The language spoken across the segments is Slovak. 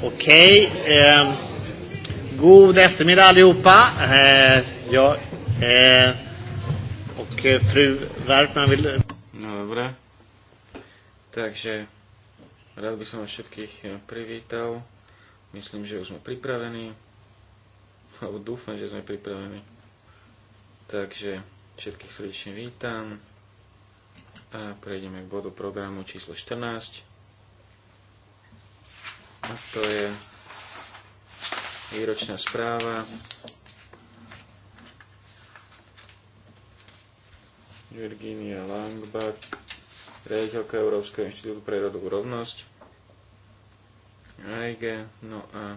Okej. Okay. Eh, god eftermiddag allihopa. Eh, ja, eh, och eh, fru Wertman vill... No dobre. Takže rád by som vás všetkých eh, privítal. Myslím, že už sme pripravení. Alebo dúfam, že sme pripravení. Takže všetkých srdečne vítam. A prejdeme k bodu programu číslo 14 a to je výročná správa. Virginia Langbach, riaditeľka Európskeho inštitútu pre rodovú rovnosť. AIG, no a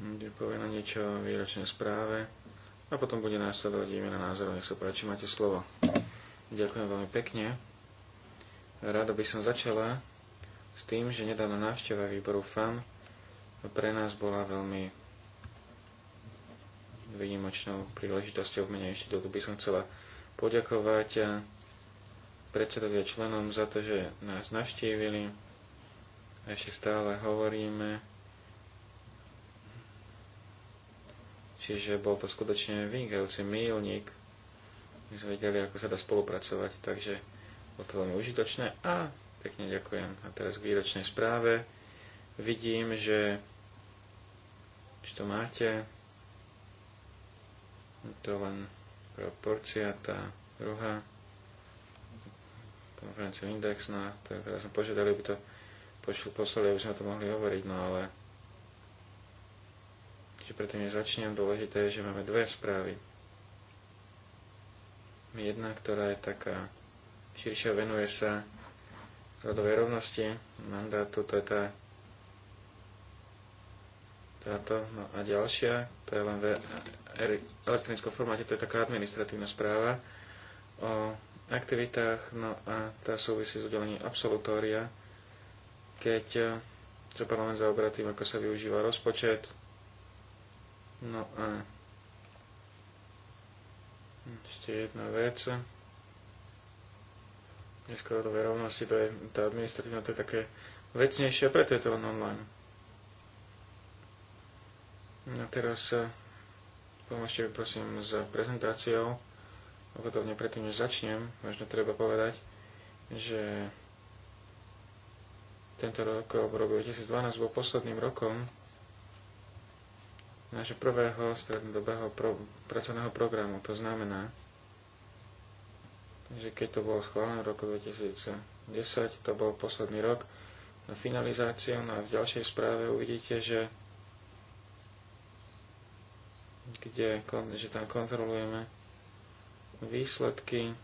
kde na niečo o výročnej správe. A potom bude následovať na názor, Nech sa páči, máte slovo. Ďakujem veľmi pekne. Rada by som začala s tým, že nedávna návšteva výboru FAM pre nás bola veľmi výnimočnou príležitosťou v mene dlhú By som chcela poďakovať eh, predsedovia členom za to, že nás navštívili. Ešte stále hovoríme. Čiže bol to skutočne vynikajúci mílnik. My sme vedeli, ako sa dá spolupracovať, takže bolo to veľmi užitočné a Pekne ďakujem. A teraz k výročnej správe. Vidím, že či to máte, to len porcia, tá druhá konferenciu Index, no je, teraz sme požiadali, aby to pošli poslali, aby sme to mohli hovoriť, no ale Čiže predtým, začnem, dôležité je, že máme dve správy. Jedna, ktorá je taká širšia, venuje sa rodovej rovnosti mandátu, to je tá táto, no a ďalšia, to je len v elektronickom formáte, to je taká administratívna správa o aktivitách, no a tá súvisí s udelením absolutória, keď eh, sa parlament zaoberá tým, ako sa využíva rozpočet, no a ešte jedna vec, neskôr do verovnosti, to je, tá administratívna to je také vecnejšie, preto je to len online. No a teraz eh, pomôžte mi prosím s prezentáciou. Opätovne predtým, než začnem, možno treba povedať, že tento rok, alebo rok 2012, bol posledným rokom nášho prvého strednodobého pro, pracovného programu. To znamená, že keď to bolo schválené v roku 2010, to bol posledný rok na finalizáciu, no a v ďalšej správe uvidíte, že kde, že tam kontrolujeme výsledky,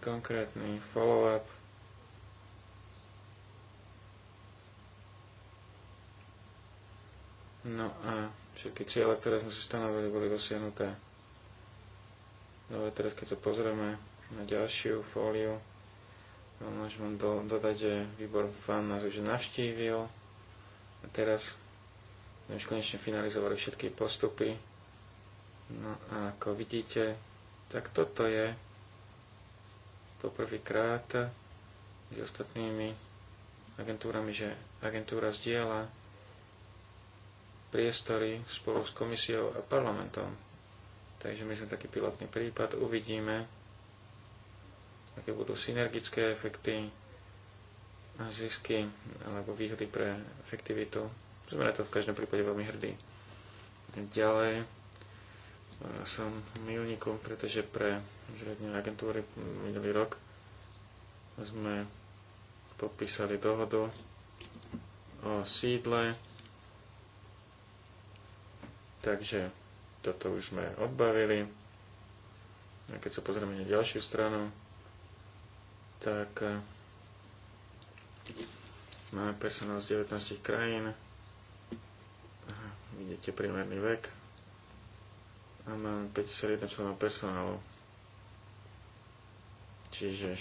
konkrétny follow-up, No a všetky ciele, ktoré sme si stanovili, boli dosiahnuté. No teraz, keď sa pozrieme na ďalšiu fóliu, no, môžem do, dodať, že výbor fan nás už navštívil. A teraz sme už konečne finalizovali všetky postupy. No a ako vidíte, tak toto je poprvýkrát s ostatnými agentúrami, že agentúra zdieľa priestory spolu s komisiou a parlamentom Takže my sme taký pilotný prípad, uvidíme, aké budú synergické efekty a zisky alebo výhody pre efektivitu. Sme na to v každom prípade veľmi hrdí. Ďalej, som milníkom, pretože pre zriadne agentúry minulý rok sme podpísali dohodu o sídle. Takže toto už sme odbavili. A keď sa pozrieme na ďalšiu stranu, tak eh, máme personál z 19 krajín. Vidíte priemerný vek. A máme 51 členov personálu. Čiže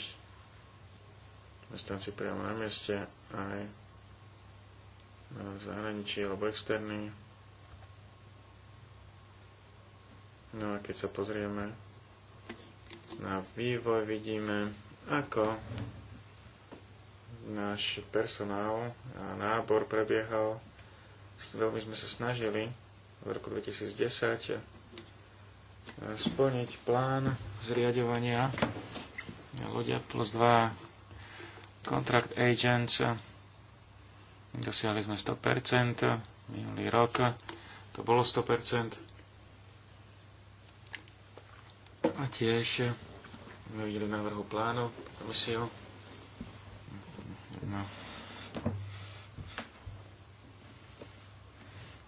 zamestnanci priamo na mieste aj eh, v zahraničí alebo externí No a keď sa pozrieme na vývoj, vidíme, ako náš personál a nábor prebiehal. Veľmi sme sa snažili v roku 2010 eh, splniť plán zriadovania ľudia plus 2 contract agents. Dosiahli sme 100%, minulý rok to bolo 100%. A tiež sme videli návrhu plánu komisiu. No.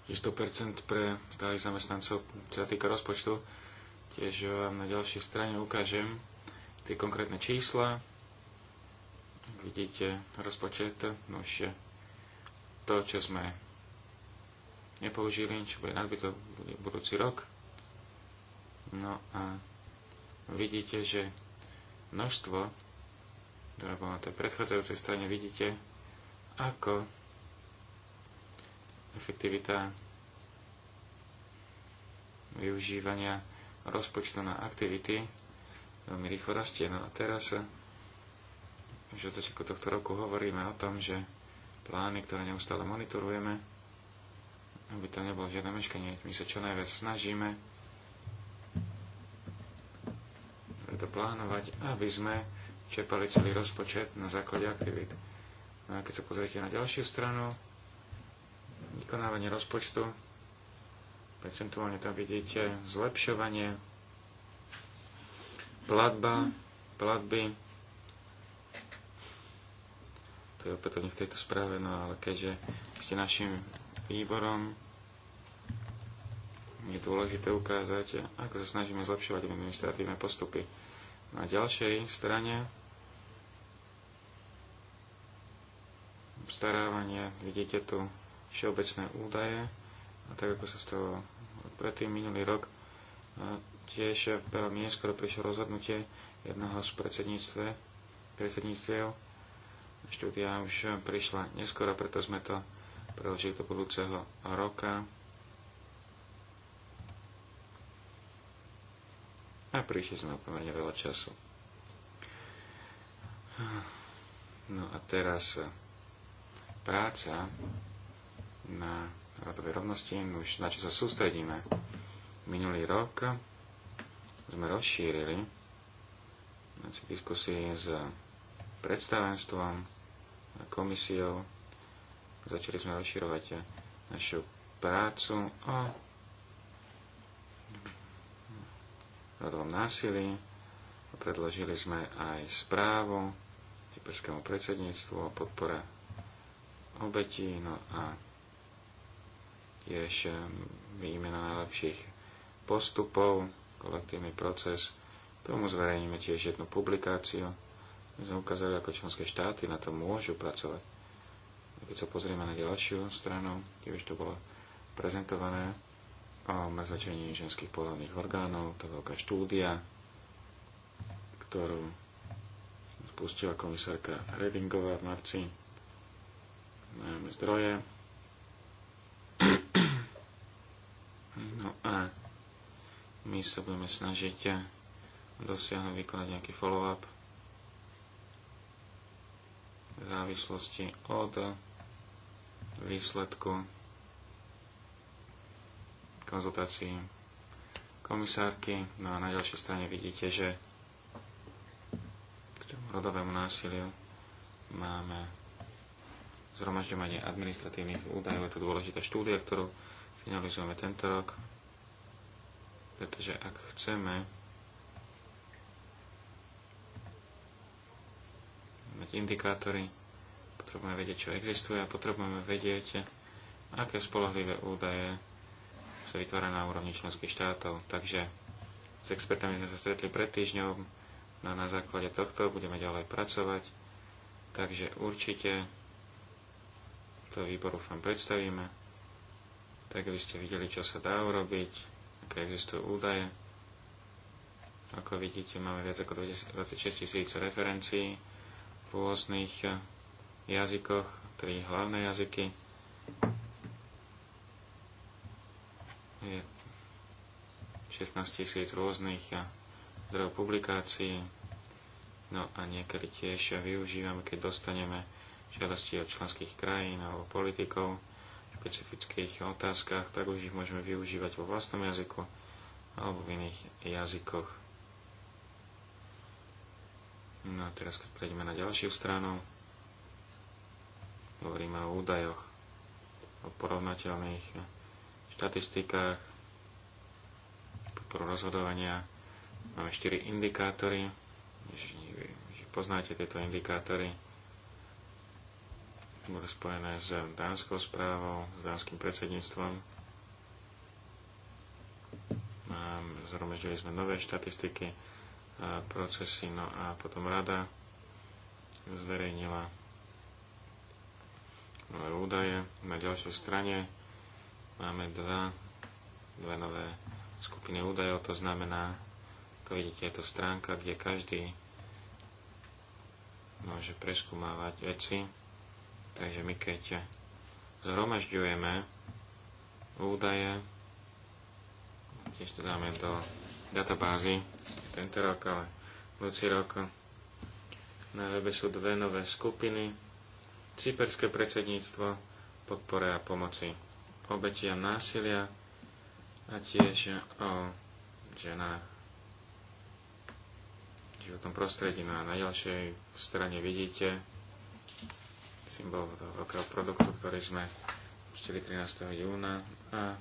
100% pre stálych zamestnancov, čo sa týka rozpočtu. Tiež vám na ďalšej strane ukážem tie konkrétne čísla. Vidíte rozpočet, no ešte to, čo sme nepoužili, čo bude nadbytok budúci rok. No a vidíte, že množstvo, ktoré bolo na tej predchádzajúcej strane, vidíte, ako efektivita využívania rozpočtu na aktivity veľmi rýchlo rastie. No a teraz, že od začiatku tohto roku hovoríme o tom, že plány, ktoré neustále monitorujeme, aby to nebolo žiadne meškanie, my sa čo najviac snažíme to plánovať, aby sme čerpali celý rozpočet na základe aktivít. No a keď sa pozriete na ďalšiu stranu, vykonávanie rozpočtu, percentuálne tam vidíte zlepšovanie, platba, platby, to je opätovne v tejto správe, no ale keďže ste našim výborom, je dôležité ukázať, ako sa snažíme zlepšovať administratívne postupy. Na ďalšej strane starávanie, vidíte tu všeobecné údaje a tak ako sa stalo predtým minulý rok, tiež veľmi neskoro prišlo rozhodnutie jedného z predsedníctve, predsedníctiev. Štúdia už prišla neskoro, preto sme to preložili do budúceho roka. a prišli sme pomerne veľa času. No a teraz eh, práca na rodovej rovnosti, už na čo sa sústredíme. Minulý rok sme rozšírili medzi diskusie s predstavenstvom a komisiou. Začali sme rozširovať našu prácu o radovom násilí. Predložili sme aj správu cyperskému predsedníctvu o podpore obetí, no a tiež ehm, výmena najlepších postupov, kolektívny proces. K tomu zverejníme tiež jednu publikáciu. My sme ukázali, ako členské štáty na to môžu pracovať. Keď sa pozrieme na ďalšiu stranu, tiež to bolo prezentované, o mrzačení ženských pohľadných orgánov, to je veľká štúdia, ktorú spustila komisárka Redingová v marci. Máme zdroje. No a my sa budeme snažiť dosiahnuť, vykonať nejaký follow-up v závislosti od výsledku konzultácii komisárky. No a na ďalšej strane vidíte, že k tomu rodovému násiliu máme zhromažďovanie administratívnych údajov. Je to dôležitá štúdia, ktorú finalizujeme tento rok, pretože ak chceme mať indikátory, potrebujeme vedieť, čo existuje a potrebujeme vedieť, aké spolahlivé údaje sa vytvára na úrovni členských štátov. Takže s expertami sme sa stretli pred týždňom, no a na základe tohto budeme ďalej pracovať. Takže určite to výboru vám predstavíme, tak aby ste videli, čo sa dá urobiť, aké existujú údaje. Ako vidíte, máme viac ako 26 tisíc referencií v rôznych jazykoch, tri hlavné jazyky 16 tisíc rôznych eh, zdrojov publikácií. No a niekedy tiež využívame, keď dostaneme žiadosti od členských krajín alebo politikov v špecifických otázkach, tak už ich môžeme využívať vo vlastnom jazyku alebo v iných jazykoch. No a teraz, keď prejdeme na ďalšiu stranu, hovoríme o údajoch, o porovnateľných štatistikách, podporu rozhodovania. Máme 4 indikátory. že Poznáte tieto indikátory. Budú spojené s dánskou správou, s dánskym predsedníctvom. Zhromaždili sme nové štatistiky, procesy, no a potom rada zverejnila nové údaje. Na ďalšej strane máme dva, dva nové skupiny údajov. To znamená, ako vidíte, je to stránka, kde každý môže preskúmávať veci. Takže my keď zhromažďujeme údaje, tiež to dáme do databázy tento rok, ale budúci rok. Na webe sú dve nové skupiny. Cyperské predsedníctvo, podpore a pomoci obetiam násilia a tiež o ženách v životnom prostredí. No a na ďalšej strane vidíte symbol toho veľkého produktu, ktorý sme pustili 13. júna a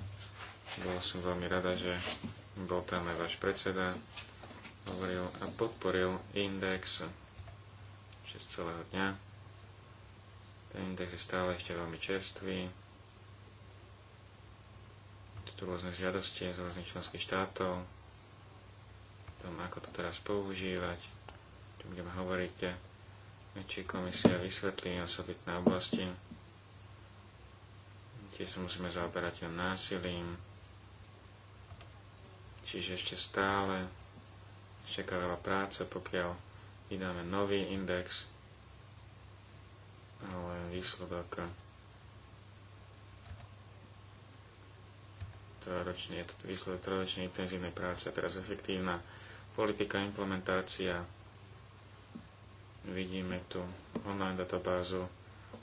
bol som veľmi rada, že bol tam aj váš predseda, hovoril a podporil index 6 celého dňa. Ten index je stále ešte veľmi čerstvý tu rôzne žiadosti z rôznych členských štátov, tom, ako to teraz používať, čo budeme hovoriť, či komisia vysvetlí osobitné oblasti, tiež sa musíme zaoberať násilím, čiže ešte stále čaká veľa práce, pokiaľ vydáme nový index, ale výsledok trojročne, je to výsledok trojročnej intenzívnej práce a teraz efektívna politika implementácia. Vidíme tu online databázu,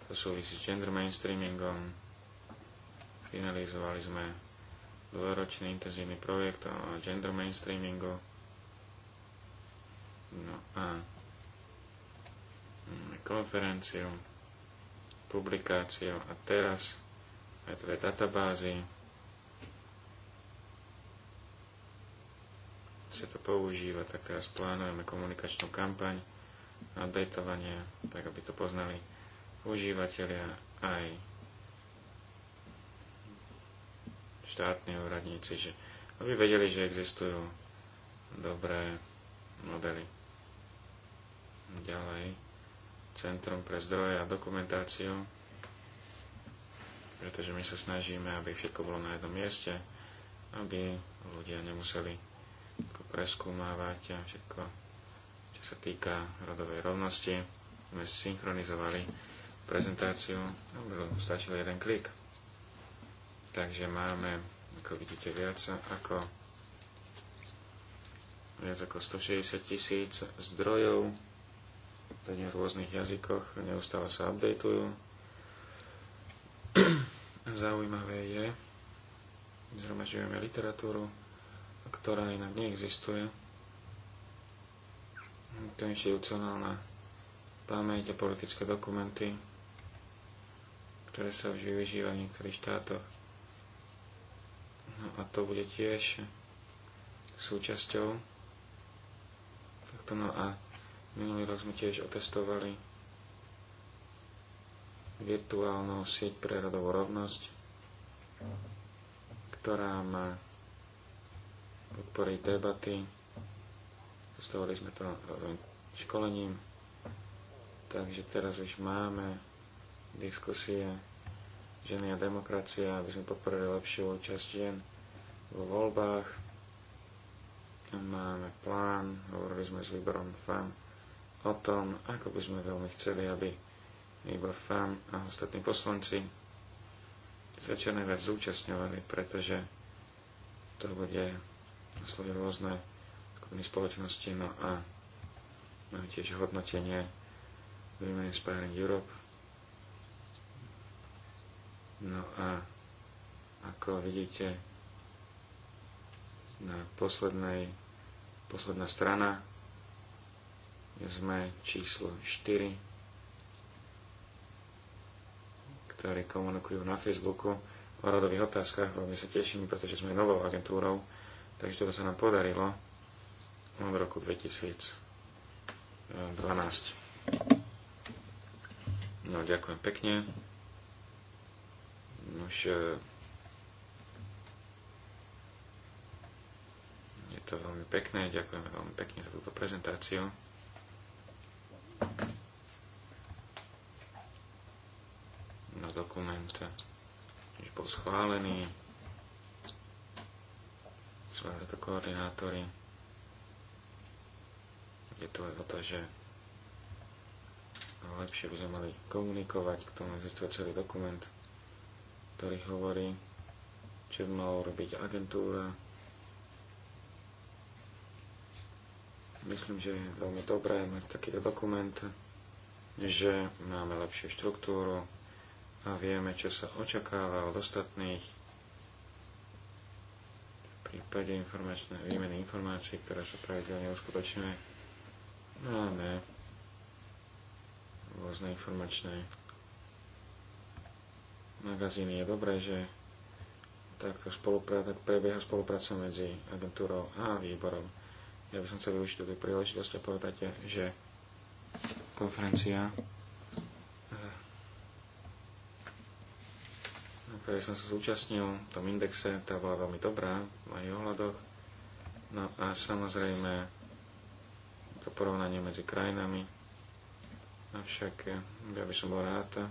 to súvisí s gender mainstreamingom. Finalizovali sme dvojročný intenzívny projekt o gender mainstreamingu. No a konferenciu, publikáciu a teraz aj teda databázy sa to používa, tak teraz plánujeme komunikačnú kampaň a datovania, tak aby to poznali užívateľia aj štátni úradníci, že aby vedeli, že existujú dobré modely. Ďalej, Centrum pre zdroje a dokumentáciu, pretože my sa snažíme, aby všetko bolo na jednom mieste, aby ľudia nemuseli ako preskúmávať a všetko, čo sa týka rodovej rovnosti. Sme synchronizovali prezentáciu a stačil jeden klik. Takže máme, ako vidíte, viac ako viac ako 160 tisíc zdrojov, v rôznych jazykoch, neustále sa updateujú. Zaujímavé je, zhromažďujeme literatúru, ktorá inak neexistuje. To je institucionálna pamäť a politické dokumenty, ktoré sa už využívajú v niektorých štátoch. No a to bude tiež súčasťou Takto No a minulý rok sme tiež otestovali virtuálnu sieť pre rodovú rovnosť, ktorá má podpory debaty. Zastavili sme to školením. Takže teraz už máme diskusie ženy a demokracia, aby sme podporili lepšiu účasť žien vo voľbách. Máme plán, hovorili sme s výborom FAM o tom, ako by sme veľmi chceli, aby výbor FAM a ostatní poslanci sa čo najviac zúčastňovali, pretože to bude sleduje rôzne skupiny spoločnosti, no a máme tiež hodnotenie Women Inspiring Europe. No a ako vidíte, na poslednej, posledná strana sme číslo 4, ktorí komunikujú na Facebooku o rodových otázkach. Veľmi sa teším, pretože sme novou agentúrou, Takže toto sa nám podarilo v roku 2012. No, ďakujem pekne. Už e, je to veľmi pekné, ďakujeme veľmi pekne za túto prezentáciu. Na no, dokument, už bol schválený aj to koordinátory. Je tu aj o to, že lepšie by sme mali komunikovať, k tomu existuje celý dokument, ktorý hovorí, čo by malo robiť agentúra. Myslím, že je veľmi dobré mať takýto dokument, že máme lepšiu štruktúru a vieme, čo sa očakáva od ostatných prípade informačné výmeny informácií, ktoré sa pravidelne uskutočňuje, máme no rôzne informačné magazíny. Je dobré, že takto spolupráca, prebieha spolupráca medzi agentúrou a výborom. Ja by som chcel využiť túto príležitosť a povedať, že konferencia ktorej som sa zúčastnil v tom indexe, tá bola veľmi dobrá v mojich ohľadoch. No a samozrejme to porovnanie medzi krajinami. Avšak ja by som bol rád,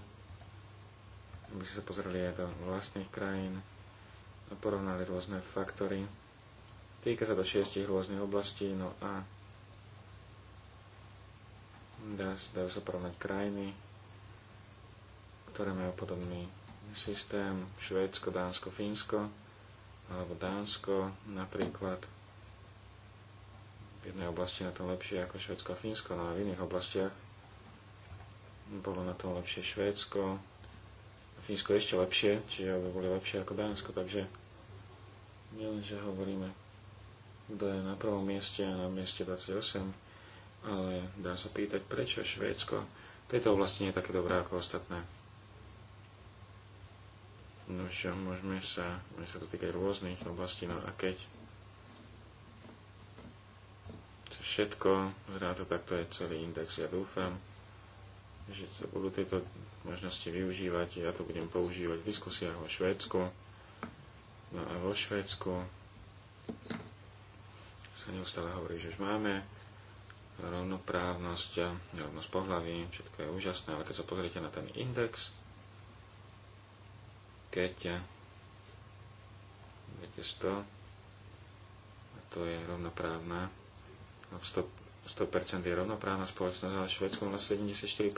aby ste sa pozreli aj do vlastných krajín a porovnali rôzne faktory. Týka sa to šiestich rôznych oblastí, no a dá, dajú sa porovnať krajiny, ktoré majú podobný systém Švédsko, Dánsko, Fínsko alebo Dánsko napríklad v jednej oblasti na tom lepšie ako Švédsko a Fínsko, no a v iných oblastiach bolo na tom lepšie Švédsko, Fínsko ešte lepšie, čiže aby boli lepšie ako Dánsko, takže nielen, že hovoríme, kto je na prvom mieste a na mieste 28, ale dá sa pýtať, prečo Švédsko v tejto oblasti nie je také dobré ako ostatné. No, že môžeme sa, môžeme sa dotýkať rôznych oblastí, no a keď to všetko zráta, tak to je celý index. Ja dúfam, že sa budú tieto možnosti využívať. Ja to budem používať v diskusiách vo Švédsku. No a vo Švédsku sa neustále hovorí, že už máme rovnoprávnosť, rovnosť pohľavy, všetko je úžasné, ale keď sa pozriete na ten index, keď viete 100, a to je rovnoprávna, 100, 100% je rovnoprávna spoločnosť, ale Švedsko má 74%.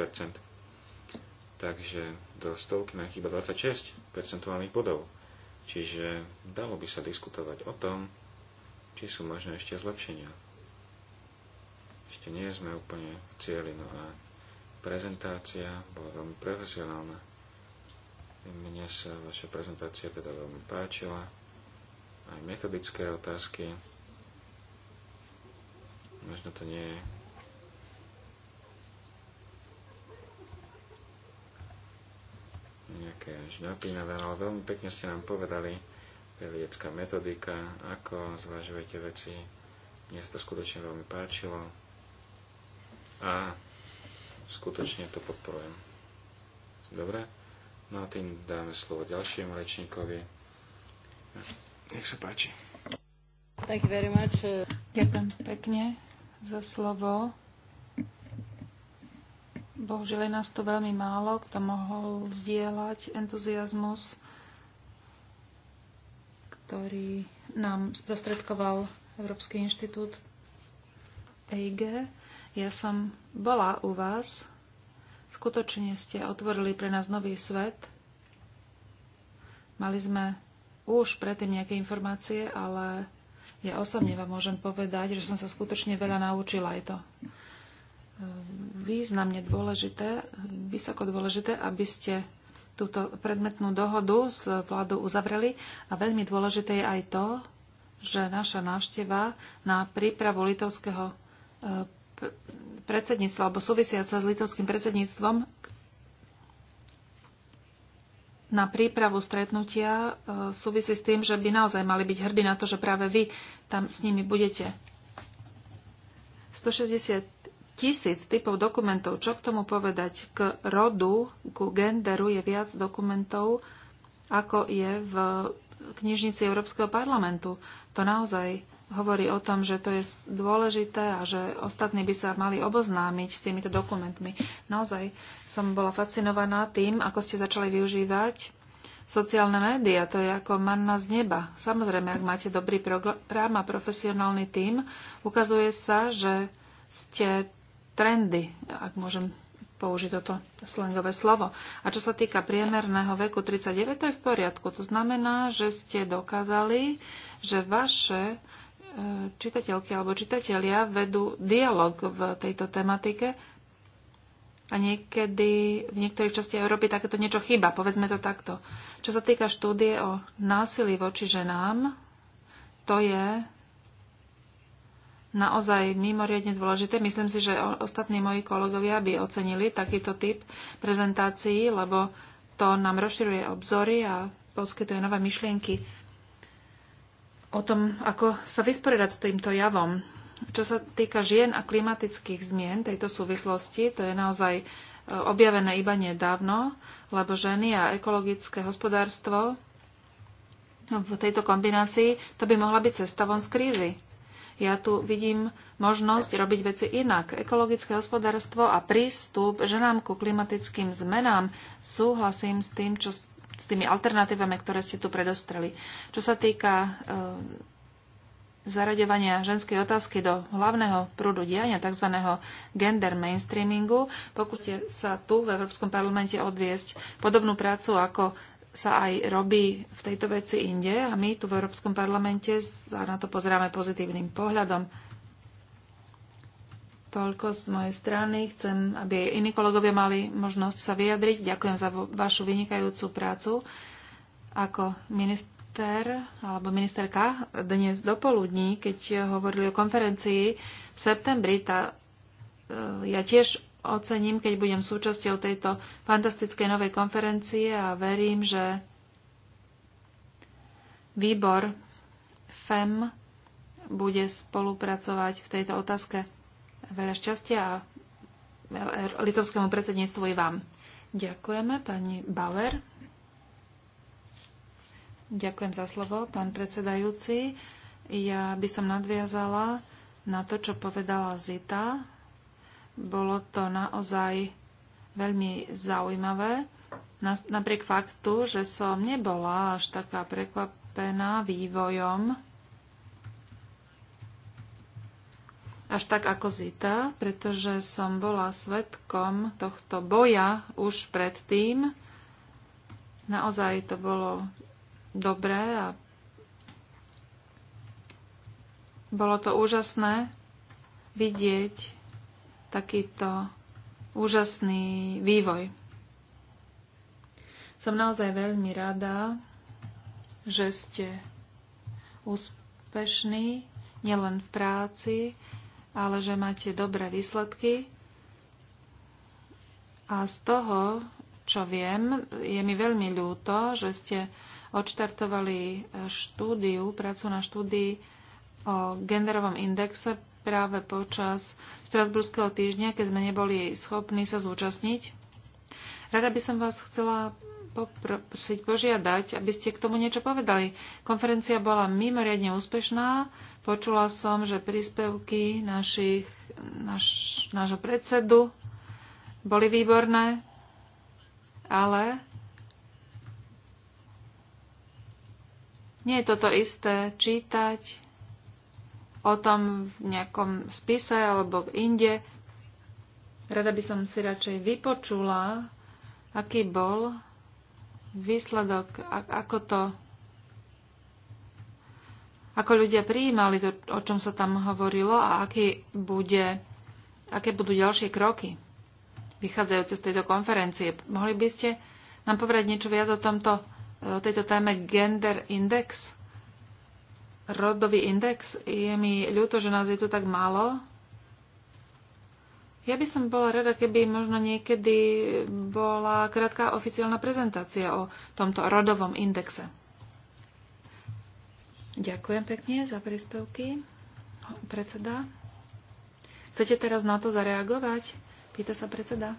Takže do stovky nám chýba 26 percentuálnych bodov. Čiže dalo by sa diskutovať o tom, či sú možné ešte zlepšenia. Ešte nie sme úplne v cieli, no a prezentácia bola veľmi profesionálna mne sa vaša prezentácia teda veľmi páčila. Aj metodické otázky. Možno to nie je nejaké žňapínavé, ale veľmi pekne ste nám povedali, vedecká metodika, ako zvažujete veci. Mne sa to skutočne veľmi páčilo a skutočne to podporujem. Dobre? No a tým dáme slovo ďalšiemu rečníkovi. Nech sa páči. Thank you very much. Ďakujem pekne za slovo. Bohužiaľ je nás to veľmi málo, kto mohol zdieľať entuziasmus, ktorý nám sprostredkoval Európsky inštitút EIG. Ja som bola u vás Skutočne ste otvorili pre nás nový svet. Mali sme už predtým nejaké informácie, ale ja osobne vám môžem povedať, že som sa skutočne veľa naučila. Je to ehm, významne dôležité, vysoko dôležité, aby ste túto predmetnú dohodu s vládou uzavreli. A veľmi dôležité je aj to, že naša návšteva na prípravu litovského ehm, predsedníctva alebo súvisiaca s litovským predsedníctvom na prípravu stretnutia e, súvisí s tým, že by naozaj mali byť hrdí na to, že práve vy tam s nimi budete. 160 tisíc typov dokumentov. Čo k tomu povedať? K rodu, ku genderu je viac dokumentov, ako je v knižnici Európskeho parlamentu. To naozaj hovorí o tom, že to je dôležité a že ostatní by sa mali oboznámiť s týmito dokumentmi. Naozaj som bola fascinovaná tým, ako ste začali využívať sociálne médiá. To je ako manna z neba. Samozrejme, ak máte dobrý program a profesionálny tím, ukazuje sa, že ste trendy, ak môžem použiť toto slangové slovo. A čo sa týka priemerného veku 39, to je v poriadku. To znamená, že ste dokázali, že vaše E, čitateľky alebo čitatelia vedú dialog v tejto tematike a niekedy v niektorých časti Európy takéto niečo chýba, povedzme to takto. Čo sa týka štúdie o násilí voči ženám, to je naozaj mimoriadne dôležité. Myslím si, že ostatní moji kolegovia by ocenili takýto typ prezentácií, lebo to nám rozširuje obzory a poskytuje nové myšlienky o tom, ako sa vysporiadať s týmto javom. Čo sa týka žien a klimatických zmien tejto súvislosti, to je naozaj e, objavené iba nedávno, lebo ženy a ekologické hospodárstvo v tejto kombinácii, to by mohla byť cesta von z krízy. Ja tu vidím možnosť robiť veci inak. Ekologické hospodárstvo a prístup ženám ku klimatickým zmenám. Súhlasím s tým, čo s tými alternatívami, ktoré ste tu predostreli. Čo sa týka e, zaraďovania ženskej otázky do hlavného prúdu diania, tzv. gender mainstreamingu. Pokúste sa tu v Európskom parlamente odviesť podobnú prácu, ako sa aj robí v tejto veci inde a my tu v Európskom parlamente sa na to pozeráme pozitívnym pohľadom. Toľko z mojej strany. Chcem, aby aj iní kolegovia mali možnosť sa vyjadriť. Ďakujem za vašu vynikajúcu prácu ako minister alebo ministerka dnes do poludní, keď hovorili o konferencii v septembri. Tá, e, ja tiež ocením, keď budem súčasťou tejto fantastickej novej konferencie a verím, že výbor FEM bude spolupracovať v tejto otázke veľa šťastia a litovskému predsedníctvu i vám. Ďakujeme, pani Bauer. Ďakujem za slovo, pán predsedajúci. Ja by som nadviazala na to, čo povedala Zita. Bolo to naozaj veľmi zaujímavé. Napriek faktu, že som nebola až taká prekvapená vývojom až tak ako Zita, pretože som bola svetkom tohto boja už predtým. Naozaj to bolo dobré a bolo to úžasné vidieť takýto úžasný vývoj. Som naozaj veľmi rada, že ste úspešní nielen v práci, ale že máte dobré výsledky. A z toho, čo viem, je mi veľmi ľúto, že ste odštartovali štúdiu, prácu na štúdii o genderovom indexe práve počas Štrasburského týždňa, keď sme neboli schopní sa zúčastniť. Rada by som vás chcela poprosiť, požiadať, aby ste k tomu niečo povedali. Konferencia bola mimoriadne úspešná. Počula som, že príspevky našich, naš, nášho predsedu boli výborné, ale nie je toto isté čítať o tom v nejakom spise alebo inde. Rada by som si radšej vypočula, aký bol výsledok, ako to ako ľudia prijímali to, o čom sa tam hovorilo a aký bude, aké budú ďalšie kroky vychádzajúce z tejto konferencie. Mohli by ste nám povedať niečo viac o, tomto, o tejto téme Gender Index? Rodový index? Je mi ľúto, že nás je tu tak málo, ja by som bola rada, keby možno niekedy bola krátka oficiálna prezentácia o tomto rodovom indexe. Ďakujem pekne za príspevky, predseda. Chcete teraz na to zareagovať? Pýta sa predseda.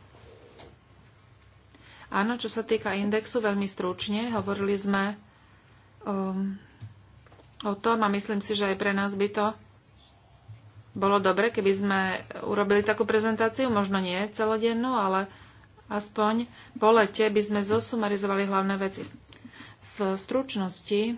Áno, čo sa týka indexu, veľmi stručne. Hovorili sme um, o tom a myslím si, že aj pre nás by to bolo dobre, keby sme urobili takú prezentáciu, možno nie celodennú, ale aspoň po lete by sme zosumarizovali hlavné veci. V stručnosti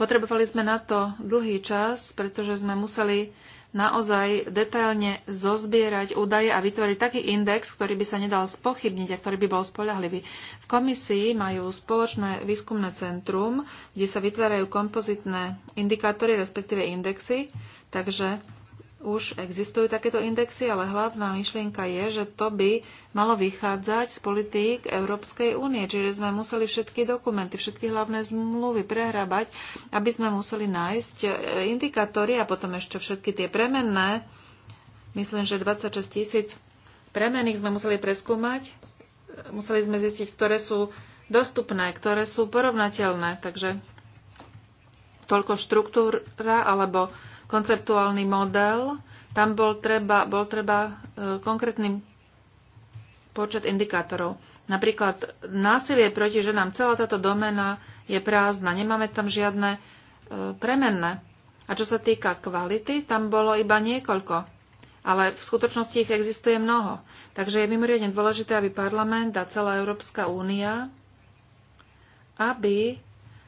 potrebovali sme na to dlhý čas, pretože sme museli naozaj detailne zozbierať údaje a vytvoriť taký index, ktorý by sa nedal spochybniť a ktorý by bol spolahlivý. V komisii majú spoločné výskumné centrum, kde sa vytvárajú kompozitné indikátory, respektíve indexy, takže už existujú takéto indexy, ale hlavná myšlienka je, že to by malo vychádzať z politík Európskej únie. Čiže sme museli všetky dokumenty, všetky hlavné zmluvy prehrábať, aby sme museli nájsť e, indikátory a potom ešte všetky tie premenné. Myslím, že 26 tisíc premených sme museli preskúmať. Museli sme zistiť, ktoré sú dostupné, ktoré sú porovnateľné. Takže toľko štruktúra alebo konceptuálny model, tam bol treba, bol treba e, konkrétny počet indikátorov. Napríklad násilie proti ženám, celá táto domena je prázdna, nemáme tam žiadne e, premenné. A čo sa týka kvality, tam bolo iba niekoľko, ale v skutočnosti ich existuje mnoho. Takže je mimoriadne dôležité, aby parlament a celá Európska únia, aby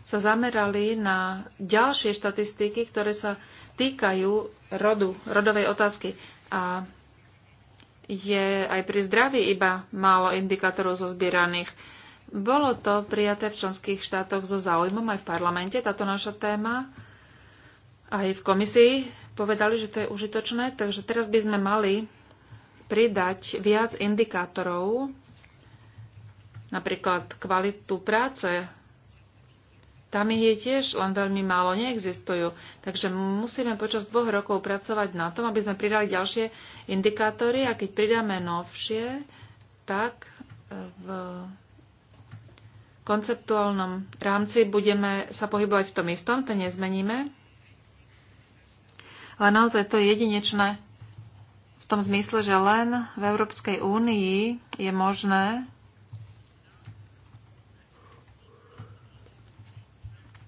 sa zamerali na ďalšie štatistiky, ktoré sa týkajú rodu, rodovej otázky. A je aj pri zdraví iba málo indikátorov zozbieraných. Bolo to prijaté v členských štátoch so záujmom aj v parlamente, táto naša téma. Aj v komisii povedali, že to je užitočné, takže teraz by sme mali pridať viac indikátorov, napríklad kvalitu práce, tam ich je tiež len veľmi málo, neexistujú. Takže musíme počas dvoch rokov pracovať na tom, aby sme pridali ďalšie indikátory a keď pridáme novšie, tak e, v konceptuálnom rámci budeme sa pohybovať v tom istom, to nezmeníme. Ale naozaj to je jedinečné v tom zmysle, že len v Európskej únii je možné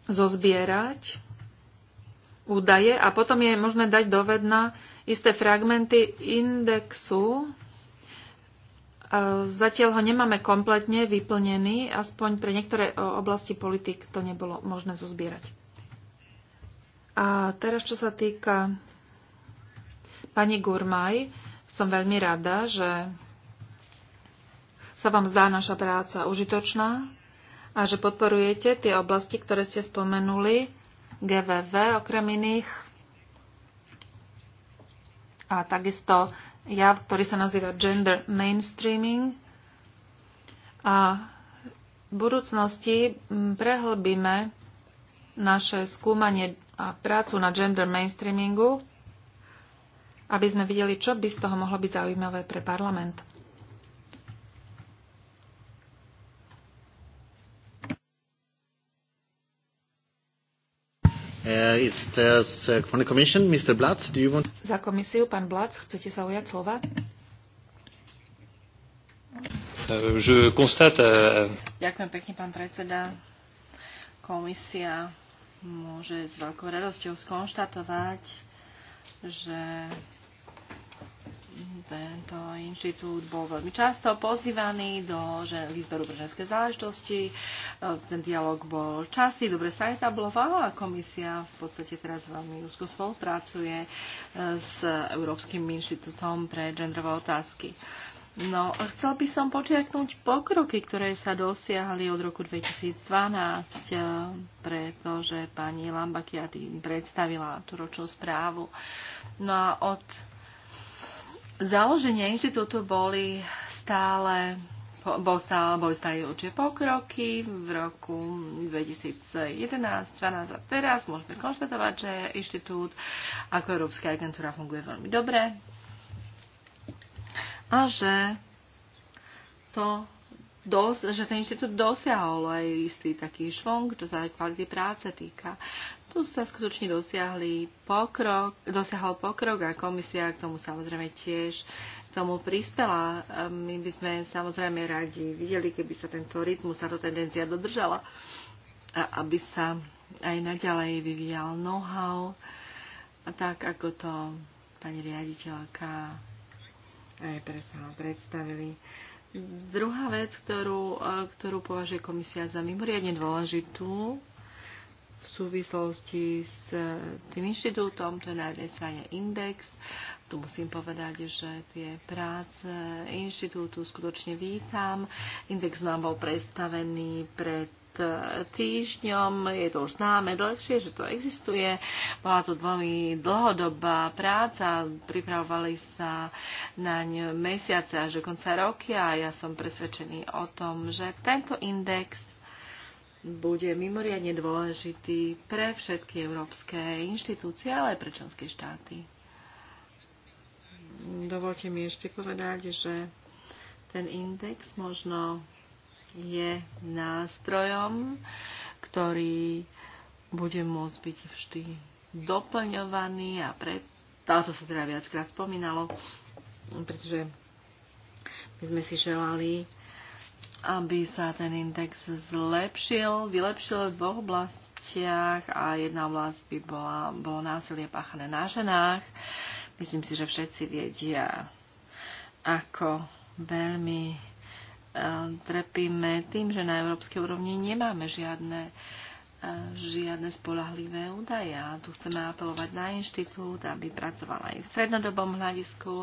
zozbierať údaje a potom je možné dať do vedna isté fragmenty indexu. E, zatiaľ ho nemáme kompletne vyplnený, aspoň pre niektoré e, oblasti politik to nebolo možné zozbierať. A teraz, čo sa týka pani Gurmaj, som veľmi rada, že sa vám zdá naša práca užitočná, a že podporujete tie oblasti, ktoré ste spomenuli, GVV okrem iných a takisto jav, ktorý sa nazýva gender mainstreaming. A v budúcnosti prehlbíme naše skúmanie a prácu na gender mainstreamingu, aby sme videli, čo by z toho mohlo byť zaujímavé pre parlament. Uh, it's the, uh, from the Commission, Mr. Blatz, do you want... Za komisiu, pán Blatz, chcete sa ujať slova? Uh, je constate... Uh... Ďakujem pekne, pán predseda. Komisia môže s veľkou radosťou skonštatovať, že tento inštitút bol veľmi často pozývaný do výzberu pre ženské záležitosti. E, ten dialog bol častý, dobre sa etabloval a komisia v podstate teraz veľmi úzko spolupracuje e, s Európskym inštitútom pre genderové otázky. No, chcel by som počiaknúť pokroky, ktoré sa dosiahli od roku 2012, e, pretože pani Lambakiati predstavila tú ročnú správu. No a od založenia inštitútu boli stále bol stále, boli stále určite pokroky v roku 2011, 2012 a teraz môžeme konštatovať, že inštitút ako Európska agentúra funguje veľmi dobre a že to dos, že ten inštitút dosiahol aj istý taký švong, čo sa aj kvality práce týka. Tu sa skutočne dosiahli pokrok, dosiahol pokrok a komisia k tomu samozrejme tiež tomu prispela. My by sme samozrejme radi videli, keby sa tento rytmus, táto tendencia dodržala, a aby sa aj naďalej vyvíjal know-how, tak ako to pani riaditeľka aj predstavili Druhá vec, ktorú, e, ktorú považuje komisia za mimoriadne dôležitú v súvislosti s e, tým inštitútom, to je na jednej strane index. Tu musím povedať, že tie práce inštitútu skutočne vítam. Index nám bol predstavený pred týždňom. Je to už známe dlhšie, že to existuje. Bola to veľmi dlhodobá práca, pripravovali sa naň mesiace až do konca roky a ja som presvedčený o tom, že tento index bude mimoriadne dôležitý pre všetky európske inštitúcie, ale aj pre členské štáty. Dovolte mi ešte povedať, že ten index možno je nástrojom, ktorý bude môcť byť vždy doplňovaný a pre... Táto sa teda viackrát spomínalo, pretože my sme si želali, aby sa ten index zlepšil, vylepšil v dvoch oblastiach a jedna oblasť by bola, bolo násilie páchané na ženách. Myslím si, že všetci vedia, ako veľmi Trepíme tým, že na európskej úrovni nemáme žiadne žiadne spolahlivé údaje. A tu chceme apelovať na inštitút, aby pracoval aj v strednodobom hľadisku,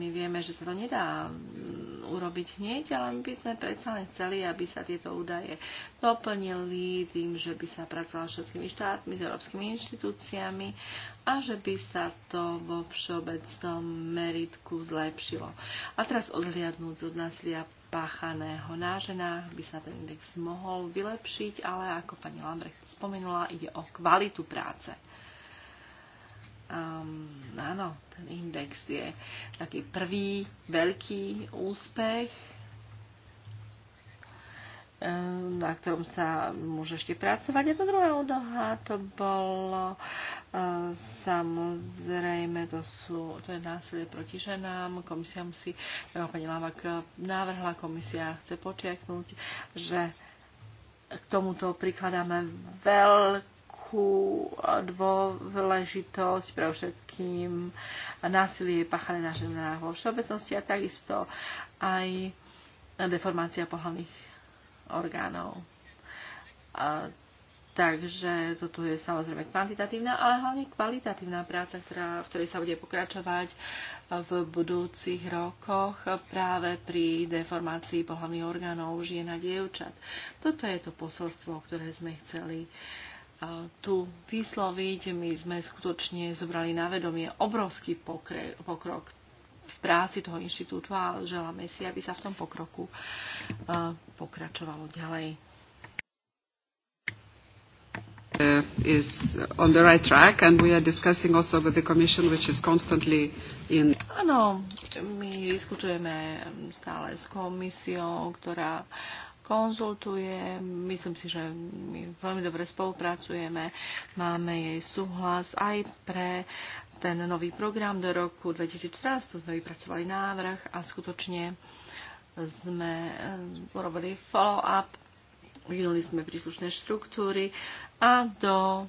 my vieme, že sa to nedá mm, urobiť hneď, ale my by sme predsa len chceli, aby sa tieto údaje doplnili tým, že by sa pracovalo všetkými štátmi, s európskymi inštitúciami a že by sa to vo všeobecnom meritku zlepšilo. A teraz odhliadnúť od násilia páchaného na ženách by sa ten index mohol vylepšiť, ale ako pani Lambrecht spomenula, ide o kvalitu práce. Um, áno, ten index je taký prvý veľký úspech, ehm, na ktorom sa môže ešte pracovať. A to druhá odoha to bolo ehm, samozrejme, to, sú, to je násilie proti ženám. Komisia musí, no, pani Lávak návrhla, komisia chce počiaknúť, že k tomuto prikladáme veľké veľkú dôležitosť pre všetkým násilie páchané na ženách vo všeobecnosti a takisto aj deformácia pohľadných orgánov. A, takže toto je samozrejme kvantitatívna, ale hlavne kvalitatívna práca, ktorá, v ktorej sa bude pokračovať v budúcich rokoch práve pri deformácii pohľadných orgánov žien a dievčat. Toto je to posolstvo, ktoré sme chceli uh, tu vysloviť. My sme skutočne zobrali na vedomie obrovský pokrok v práci toho inštitútu a želáme si, aby sa v tom pokroku pokračovalo ďalej. Uh, is on the right track and we are discussing also with the Commission which is constantly in Áno, my diskutujeme stále s komisiou, ktorá uh, konzultuje. Myslím si, že my veľmi dobre spolupracujeme. Máme jej súhlas aj pre ten nový program do roku 2014. to sme vypracovali návrh a skutočne sme eh, urobili follow-up, vyhnuli sme príslušné štruktúry a do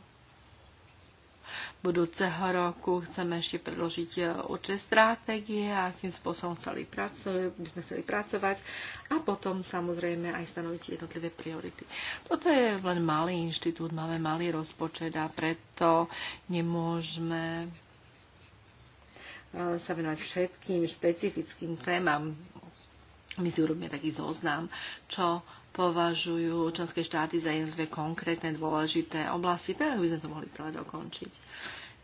budúceho roku. Chceme ešte predložiť e, určité stratégie, akým spôsobom chceli pracovať, by sme chceli pracovať a potom samozrejme aj stanoviť jednotlivé priority. Toto je len malý inštitút, máme malý rozpočet a preto nemôžeme e, sa venovať všetkým špecifickým témam. My si urobíme taký zoznam, čo považujú členské štáty za jednotlivé konkrétne dôležité oblasti, ktoré by sme to mohli celé dokončiť.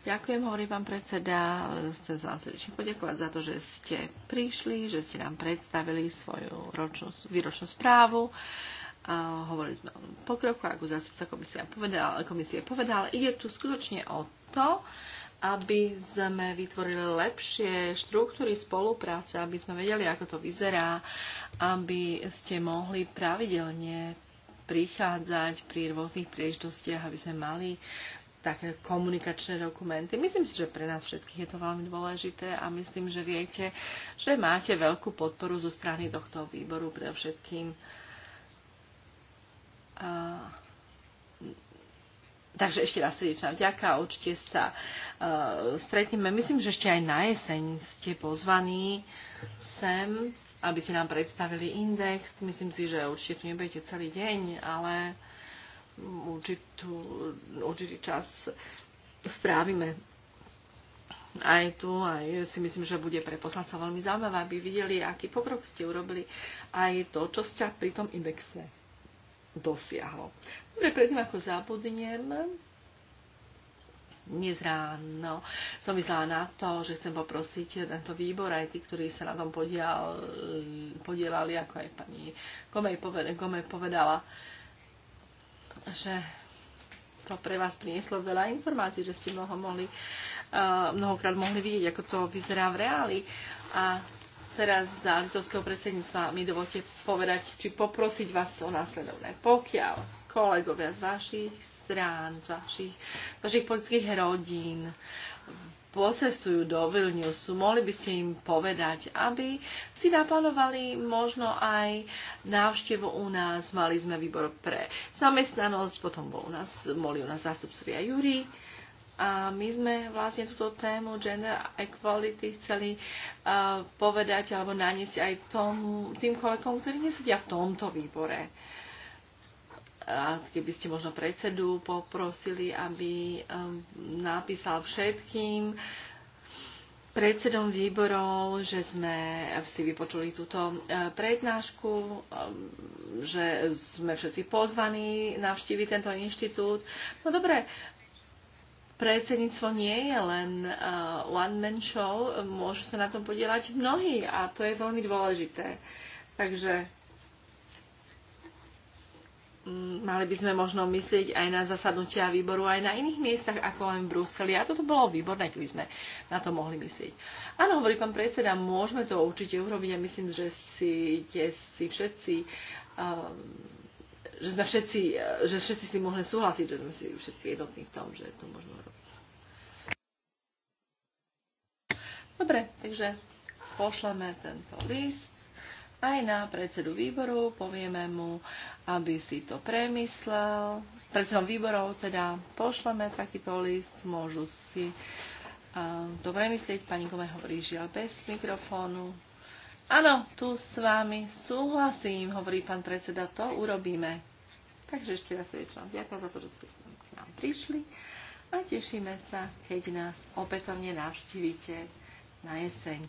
Ďakujem, hovorí pán predseda. Chcem sa vám srdečne poďakovať za to, že ste prišli, že ste nám predstavili svoju ročnú, výročnú správu. A hovorili sme o pokroku, ako zástupca komisia povedal, komisie povedal. Ide tu skutočne o to, aby sme vytvorili lepšie štruktúry spolupráce, aby sme vedeli, ako to vyzerá, aby ste mohli pravidelne prichádzať pri rôznych príležitostiach, aby sme mali také komunikačné dokumenty. Myslím si, že pre nás všetkých je to veľmi dôležité a myslím, že viete, že máte veľkú podporu zo strany tohto výboru pre všetkým. Takže ešte raz srdečná vďaka, určite sa uh, stretneme. Myslím, že ešte aj na jeseň ste pozvaní sem, aby ste nám predstavili index. Myslím si, že určite tu nebudete celý deň, ale určitú, určitý čas strávime aj tu, aj si myslím, že bude pre poslancov veľmi zaujímavé, aby videli, aký pokrok ste urobili aj to, čo ste pri tom indexe dosiahlo. Dobre, predtým ako zabudnem, dnes ráno som myslela na to, že chcem poprosiť tento výbor aj tí, ktorí sa na tom podial, podielali, ako aj pani Gomej povedala, povedala, že to pre vás prinieslo veľa informácií, že ste mnoho mohli, eh, mnohokrát mohli vidieť, ako to vyzerá v reáli. A teraz za litovského predsedníctva mi dovolte povedať, či poprosiť vás o následovné. Pokiaľ kolegovia z vašich strán, z vašich, z vašich politických rodín pocestujú do Vilniusu, mohli by ste im povedať, aby si naplánovali možno aj návštevu u nás. Mali sme výbor pre zamestnanosť, potom bol u nás, boli u nás zástupcovia Júri, a my sme vlastne túto tému gender equality chceli uh, povedať alebo naniesť aj tom, tým kolegom, ktorí nesedia v tomto výbore. A keby ste možno predsedu poprosili, aby um, napísal všetkým predsedom výborov, že sme si vypočuli túto e, prednášku, že sme všetci pozvaní navštíviť tento inštitút. No dobre, predsedníctvo nie je len uh, one-man show, môžu sa na tom podielať mnohí a to je veľmi dôležité. Takže mm, mali by sme možno myslieť aj na zasadnutia výboru, aj na iných miestach, ako len v Bruseli. A toto bolo výborné, keby sme na to mohli myslieť. Áno, hovorí pán predseda, môžeme to určite urobiť a myslím, že si, si všetci um, že, sme všetci, že všetci s tým mohli súhlasiť, že sme si všetci jednotní v tom, že to možno robiť. Dobre, takže pošleme tento list aj na predsedu výboru, povieme mu, aby si to premyslel. Predsedom výborov teda pošleme takýto list, môžu si to premyslieť. Pani Gome hovorí žiaľ bez mikrofónu. Áno, tu s vami súhlasím, hovorí pán predseda, to urobíme. Takže ešte raz srdečná vďaka za to, že ste sem k nám prišli a tešíme sa, keď nás opätovne navštívite na jeseň.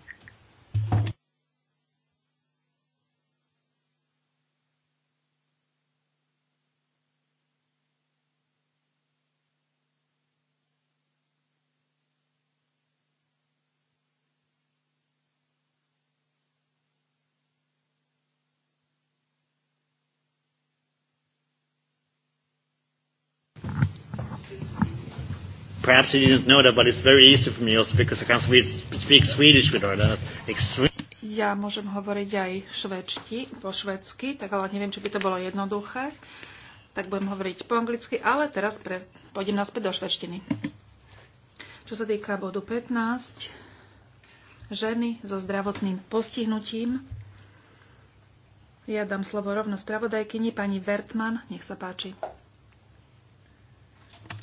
perhaps you didn't know that, but it's very easy for me also because I can speak Swedish with her. That's extreme. Ja môžem hovoriť aj švedčti, po švedsky, tak ale neviem, či by to bolo jednoduché. Tak budem hovoriť po anglicky, ale teraz pre, pôjdem naspäť do švedštiny. Čo sa týka bodu 15, ženy so zdravotným postihnutím, ja dám slovo rovno spravodajkyni pani Vertman, nech sa páči.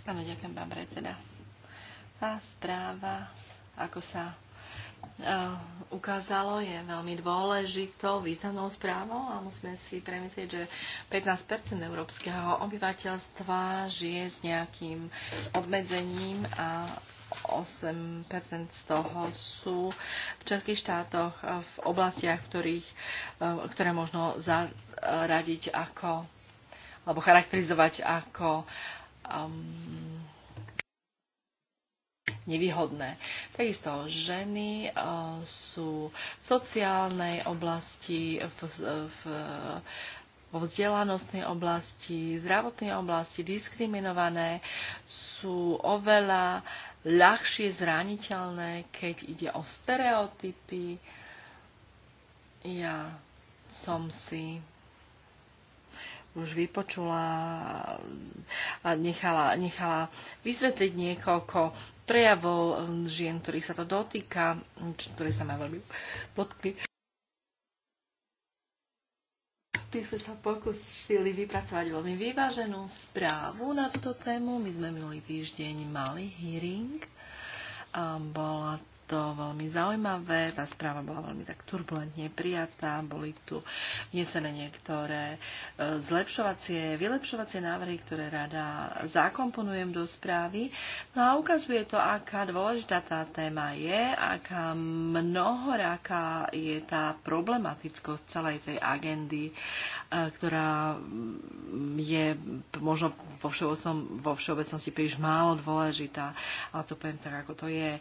Áno, ďakujem, pán predseda. Tá správa, ako sa e, ukázalo, je veľmi dôležitou, významnou správou a musíme si premyslieť, že 15 európskeho obyvateľstva žije s nejakým obmedzením a 8 z toho sú v českých štátoch v oblastiach, ktorých, e, ktoré možno zaradiť ako alebo charakterizovať ako um, nevýhodné. Takisto ženy e, sú v sociálnej oblasti, v, e, v vo vzdelanostnej oblasti, zdravotnej oblasti diskriminované, sú oveľa ľahšie zraniteľné, keď ide o stereotypy. Ja som si už vypočula a nechala, nechala vysvetliť niekoľko prejavov um, žien, ktorý sa to dotýka, um, ktoré sa ma veľmi dotkli. Tým sme sa pokusili vypracovať veľmi vyváženú správu na túto tému. My sme minulý týždeň mali hearing. A bola to veľmi zaujímavé. Tá správa bola veľmi tak turbulentne prijatá. Boli tu vnesené niektoré e, zlepšovacie, vylepšovacie návrhy, ktoré rada zakomponujem do správy. No a ukazuje to, aká dôležitá tá téma je, aká mnohoráka je tá problematickosť celej tej agendy, e, ktorá mm, je možno vo, všeobecnosti, vo všeobecnosti príliš málo dôležitá. Ale to poviem tak, ako to je.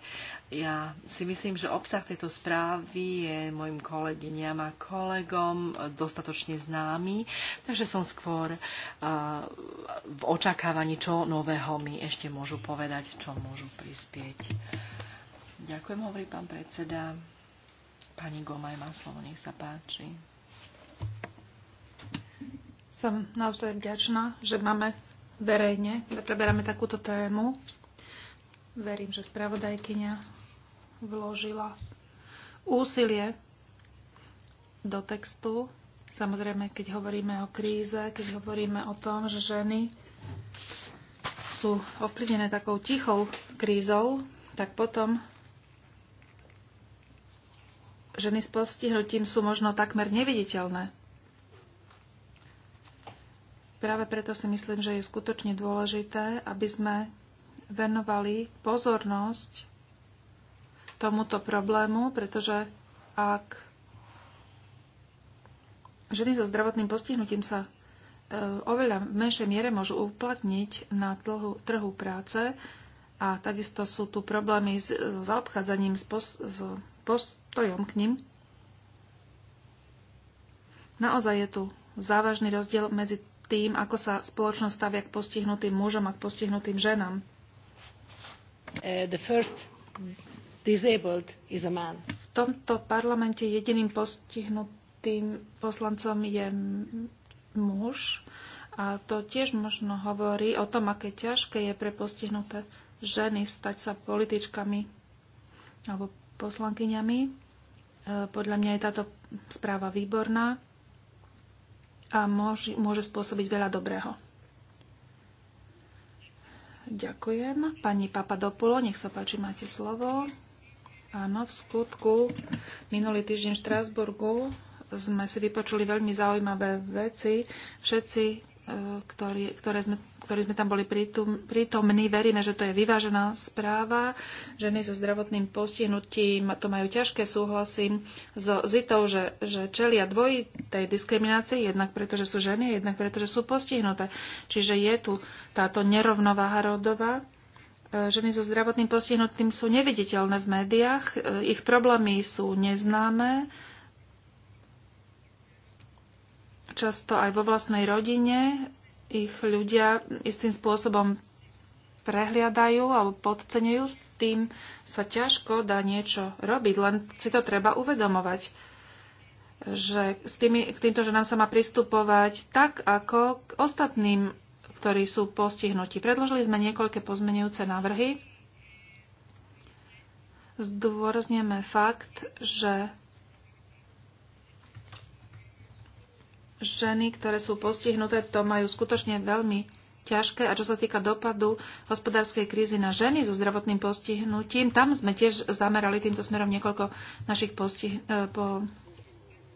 Ja si myslím, že obsah tejto správy je mojim kolegyňam a kolegom dostatočne známy, takže som skôr eh, v očakávaní, čo nového mi ešte môžu povedať, čo môžu prispieť. Ďakujem, hovorí pán predseda. Pani Gomaj má slovo, nech sa páči. Som naozaj vďačná, že máme verejne, preberáme takúto tému. Verím, že spravodajkyňa vložila úsilie do textu. Samozrejme, keď hovoríme o kríze, keď hovoríme o tom, že ženy sú ovplyvnené takou tichou krízou, tak potom ženy s postihnutím sú možno takmer neviditeľné. Práve preto si myslím, že je skutočne dôležité, aby sme venovali pozornosť tomuto problému, pretože ak ženy so zdravotným postihnutím sa e, oveľa v menšej miere môžu uplatniť na tlhu, trhu práce a takisto sú tu problémy s, zaobchádzaním, s, pos, s postojom k nim. Naozaj je tu závažný rozdiel medzi tým, ako sa spoločnosť stavia k postihnutým mužom a k postihnutým ženám. Eh, the first disabled is a man. V tomto parlamente jediným postihnutým poslancom je muž a to tiež možno hovorí o tom, aké ťažké je pre postihnuté ženy stať sa političkami alebo poslankyňami. E, podľa mňa je táto správa výborná a môže, môže spôsobiť veľa dobrého. Ďakujem. Pani Papadopulo, nech sa páči, máte slovo. Áno, v skutku minulý týždeň v Štrásburgu sme si vypočuli veľmi zaujímavé veci. Všetci, e, ktorí, ktoré sme, ktorí sme tam boli prítomní, veríme, že to je vyvážená správa. Ženy so zdravotným postihnutím to majú ťažké, súhlasím so Zitou, že, že čelia tej diskriminácii, jednak pretože sú ženy, jednak pretože sú postihnuté. Čiže je tu táto nerovnováha rodová E, ženy so zdravotným postihnutím sú neviditeľné v médiách, e, ich problémy sú neznáme, často aj vo vlastnej rodine ich ľudia istým spôsobom prehliadajú alebo podceňujú, s tým sa ťažko dá niečo robiť, len si to treba uvedomovať, že s tými, k týmto ženám sa má pristupovať tak, ako k ostatným ktorí sú postihnutí. Predložili sme niekoľké pozmenujúce návrhy. Zdôrazneme fakt, že ženy, ktoré sú postihnuté, to majú skutočne veľmi ťažké. A čo sa týka dopadu hospodárskej krízy na ženy so zdravotným postihnutím, tam sme tiež zamerali týmto smerom niekoľko našich postih, eh, po,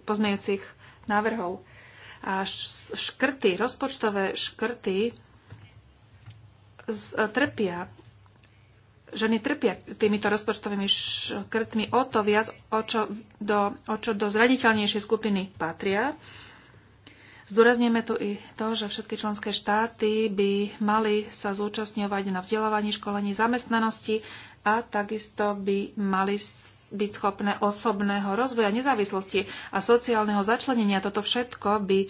pozmejúcich návrhov. A škrty, rozpočtové škrty e, trpia ženy trpia týmito rozpočtovými škrtmi o to viac, o čo do, o čo do zraniteľnejšej skupiny patria. Zdôrazníme tu i to, že všetky členské štáty by mali sa zúčastňovať na vzdelávaní, školení, zamestnanosti a takisto by mali byť schopné osobného rozvoja, nezávislosti a sociálneho začlenenia. Toto všetko by e,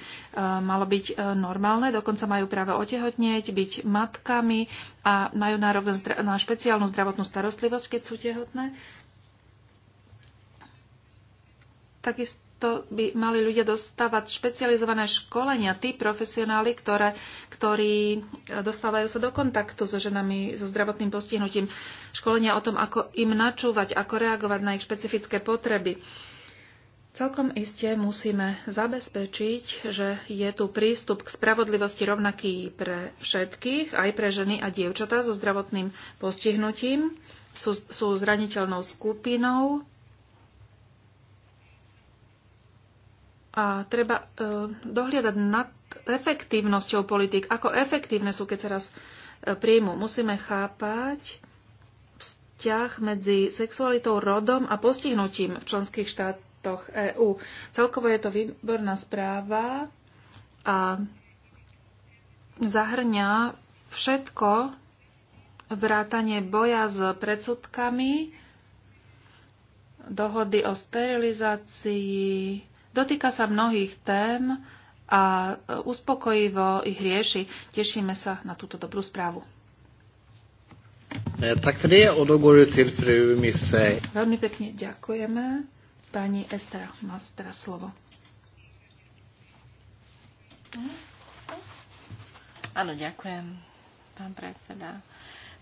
malo byť e, normálne, dokonca majú právo otehotnieť, byť matkami a majú nárok na špeciálnu zdravotnú starostlivosť, keď sú tehotné. Takisto preto by mali ľudia dostávať špecializované školenia, tí profesionáli, ktoré, ktorí e, dostávajú sa do kontaktu so ženami so zdravotným postihnutím, školenia o tom, ako im načúvať, ako reagovať na ich špecifické potreby. Celkom iste musíme zabezpečiť, že je tu prístup k spravodlivosti rovnaký pre všetkých, aj pre ženy a dievčatá so zdravotným postihnutím. Sú, sú zraniteľnou skupinou A treba e, dohliadať nad efektívnosťou politik, ako efektívne sú, keď sa raz e, príjmu. Musíme chápať vzťah medzi sexualitou, rodom a postihnutím v členských štátoch EÚ. Celkovo je to výborná správa a zahrňa všetko, vrátanie boja s predsudkami, dohody o sterilizácii, Dotýka sa mnohých tém a e, uspokojivo ich rieši. Tešíme sa na túto dobrú správu. Eh, tak tedy, Veľmi pekne ďakujeme. Pani Estera má teraz slovo. Áno, ďakujem, pán predseda.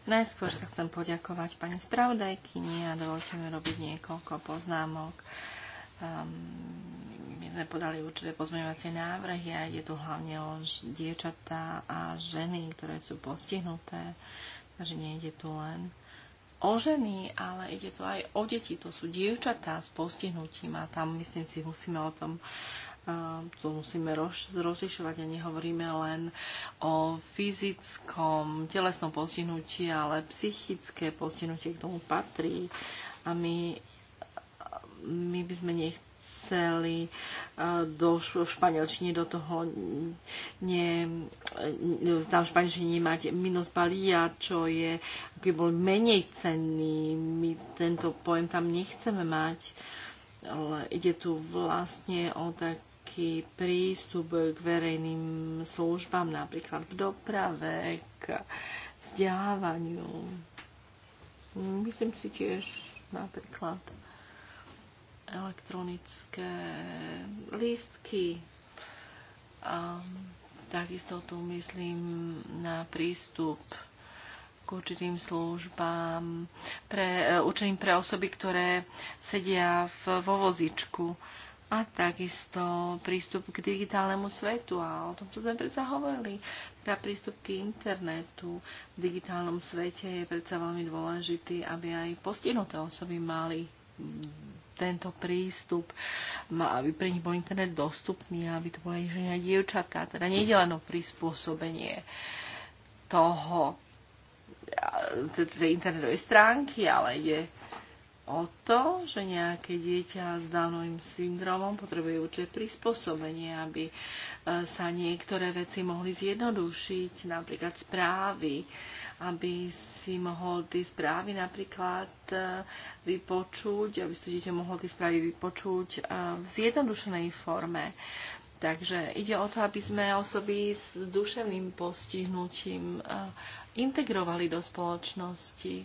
Najskôr sa chcem poďakovať pani spravodajkyni a dovolte mi robiť niekoľko poznámok. Uh, Ehm, my sme podali určité pozmeňovacie návrhy a ide tu hlavne o diečatá a ženy, ktoré sú postihnuté. Takže nejde tu len o ženy, ale ide tu aj o deti. To sú dievčatá s postihnutím a tam, myslím si, musíme o tom ehm, to musíme roz, rozlišovať a nehovoríme len o fyzickom telesnom postihnutí, ale psychické postihnutie k tomu patrí. A my my by sme nechceli e, do španielčiny do toho ne, e, e, tam v španielčine mať minus balia, čo je aký bol menej cenný. My tento pojem tam nechceme mať. Ale ide tu vlastne o tak taký prístup k verejným službám, napríklad k doprave, k vzdelávaniu. Myslím si tiež napríklad elektronické lístky. a takisto tu myslím na prístup k určitým službám, pre, e, určeným pre osoby, ktoré sedia v, vo vozičku a takisto prístup k digitálnemu svetu. A o tomto sme predsa hovorili. Teda prístup k internetu v digitálnom svete je predsa veľmi dôležitý, aby aj postihnuté osoby mali mm, tento prístup, aby pre nich bol internet dostupný, aby to boli ženia dievčatka. Teda nejde len o prispôsobenie toho tej internetovej stránky, ale je o to, že nejaké dieťa s Danovým syndromom potrebuje určité prispôsobenie, aby e, sa niektoré veci mohli zjednodušiť, napríklad správy, aby si mohol tie správy napríklad e, vypočuť, aby si to dieťa mohlo tie správy vypočuť e, v zjednodušenej forme. Takže ide o to, aby sme osoby s duševným postihnutím integrovali do spoločnosti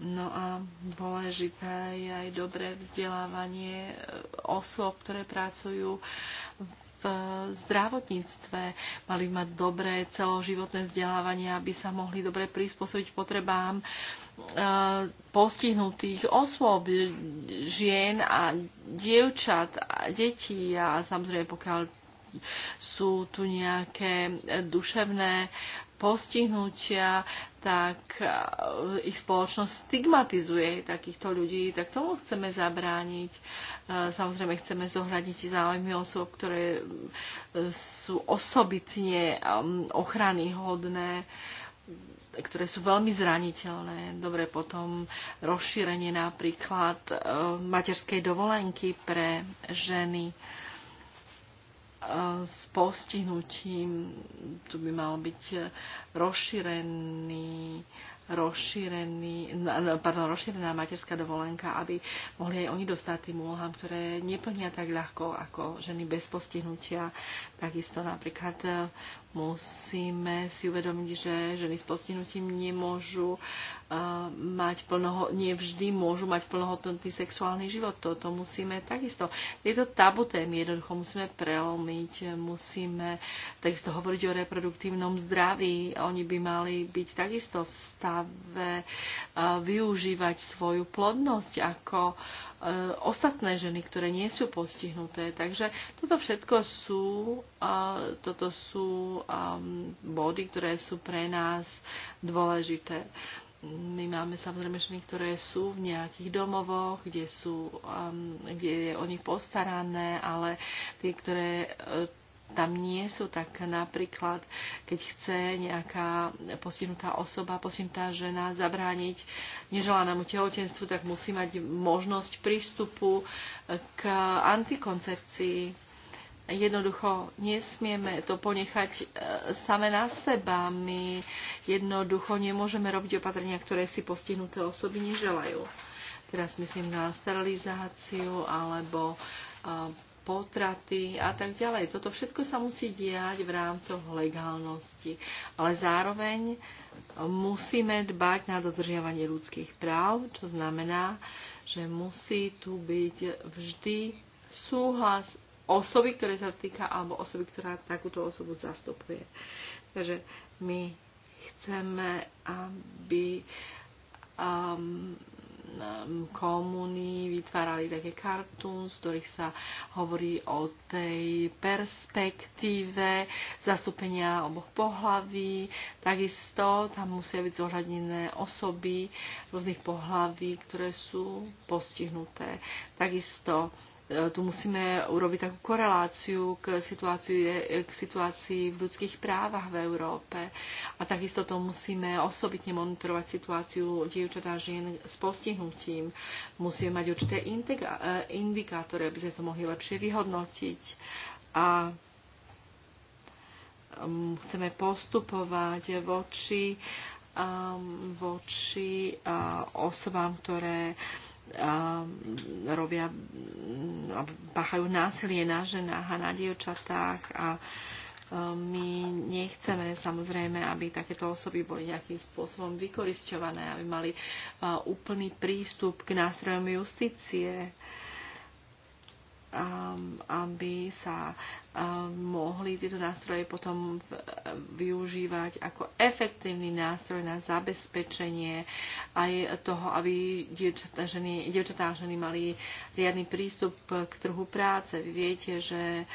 No a dôležité je aj dobré vzdelávanie e, osôb, ktoré pracujú v zdravotníctve. Mali mať dobré celoživotné vzdelávanie, aby sa mohli dobre prispôsobiť potrebám e, postihnutých osôb, žien a dievčat a detí a samozrejme pokiaľ sú tu nejaké duševné postihnutia, tak e, ich spoločnosť stigmatizuje takýchto ľudí, tak tomu chceme zabrániť. E, samozrejme chceme zohľadniť záujmy osob, ktoré e, sú osobitne um, ochrany hodné, ktoré sú veľmi zraniteľné. Dobre, potom rozšírenie napríklad materskej dovolenky pre ženy s postihnutím, tu by mal byť rozšírený rozšírený, pardon, rozšírená materská dovolenka, aby mohli aj oni dostať tým úlohám, ktoré neplnia tak ľahko ako ženy bez postihnutia. Takisto napríklad e, musíme si uvedomiť, že ženy s postihnutím nemôžu uh, mať plnoho, nevždy môžu mať plnohodnotný sexuálny život. Toto musíme takisto. to tabu témy jednoducho musíme prelomiť, musíme takisto hovoriť o reproduktívnom zdraví. Oni by mali byť takisto v stave práve e, využívať svoju plodnosť ako e, ostatné ženy, ktoré nie sú postihnuté. Takže toto všetko sú, e, toto sú body, ktoré sú pre nás dôležité. My máme samozrejme ženy, ktoré sú v nejakých domovoch, kde, sú, um, kde je o nich postarané, ale tie, ktoré tam nie sú, tak napríklad, keď chce nejaká postihnutá osoba, postihnutá žena zabrániť neželanému tehotenstvu, tak musí mať možnosť prístupu eh, k antikoncepcii. Jednoducho nesmieme to ponechať eh, same na seba. My jednoducho nemôžeme robiť opatrenia, ktoré si postihnuté osoby neželajú. Teraz myslím na sterilizáciu alebo eh, potraty a tak ďalej. Toto všetko sa musí diať v rámcoch legálnosti. Ale zároveň musíme dbať na dodržiavanie ľudských práv, čo znamená, že musí tu byť vždy súhlas osoby, ktoré sa týka, alebo osoby, ktorá takúto osobu zastupuje. Takže my chceme, aby um, Um, komuny vytvárali také kartún, z ktorých sa hovorí o tej perspektíve zastúpenia oboch pohlaví. Takisto tam musia byť zohľadnené osoby rôznych pohlaví, ktoré sú postihnuté. Takisto E, tu musíme urobiť takú koreláciu k situácii, e, k situácii v ľudských právach v Európe. A takisto to musíme osobitne monitorovať situáciu dievčat a žien s postihnutím. Musíme mať určité e, indikátory, aby sme to mohli lepšie vyhodnotiť. A chceme postupovať voči, voči osobám, ktoré Mm, robia mm, a páchajú násilie na ženách a na dievčatách a e, my nechceme samozrejme, aby takéto osoby boli nejakým spôsobom vykorisťované, aby mali e, úplný prístup k nástrojom justície, Um, aby sa um, mohli tieto nástroje potom využívať ako efektívny nástroj na zabezpečenie aj toho, aby dievčatá, ženy, a ženy mali riadny prístup k trhu práce. Vy viete, že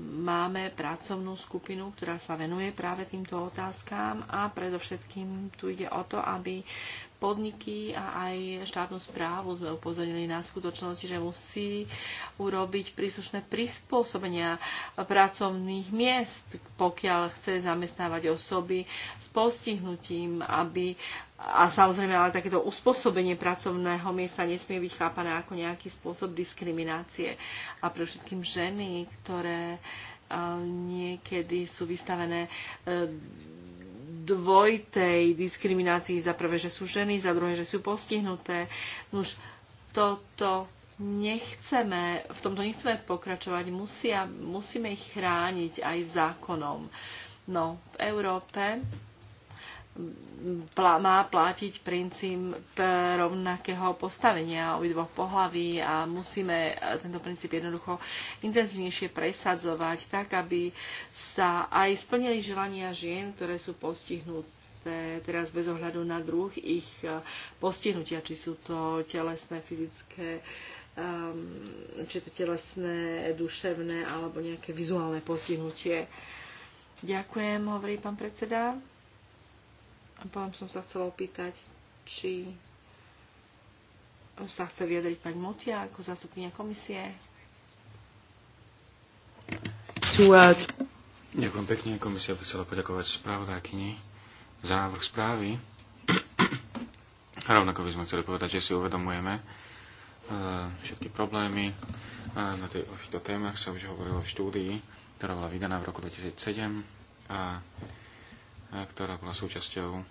máme pracovnú skupinu, ktorá sa venuje práve týmto otázkám a predovšetkým tu ide o to, aby podniky a aj štátnu správu sme upozornili na skutočnosť, že musí urobiť príslušné prispôsobenia pracovných miest, pokiaľ chce zamestnávať osoby s postihnutím, aby a samozrejme, ale takéto uspôsobenie pracovného miesta nesmie byť chápané ako nejaký spôsob diskriminácie. A pre všetkým ženy, ktoré eh, niekedy sú vystavené eh, dvojtej diskriminácii. Za prvé, že sú ženy, za druhé, že sú postihnuté. No už toto nechceme, v tomto nechceme pokračovať, musia, musíme ich chrániť aj zákonom. No, v Európe má platiť princíp rovnakého postavenia obidvoch pohlaví a musíme tento princíp jednoducho intenzívnejšie presadzovať tak, aby sa aj splnili želania žien, ktoré sú postihnuté teraz bez ohľadu na druh ich eh, postihnutia, či sú to telesné, fyzické, ehm, či to telesné, duševné alebo nejaké vizuálne postihnutie. Ďakujem, hovorí pán predseda. A potom som sa chcela opýtať, či sa chce vyjadriť pani Motia ako zastupkynia komisie. Uh, Ďakujem pekne. Komisia by chcela poďakovať spravodajkyni za návrh správy. rovnako by sme chceli povedať, že si uvedomujeme uh, všetky problémy. A uh, na tej, o týchto témach sa už hovorilo v štúdii, ktorá bola vydaná v roku 2007 a ktorá bola súčasťou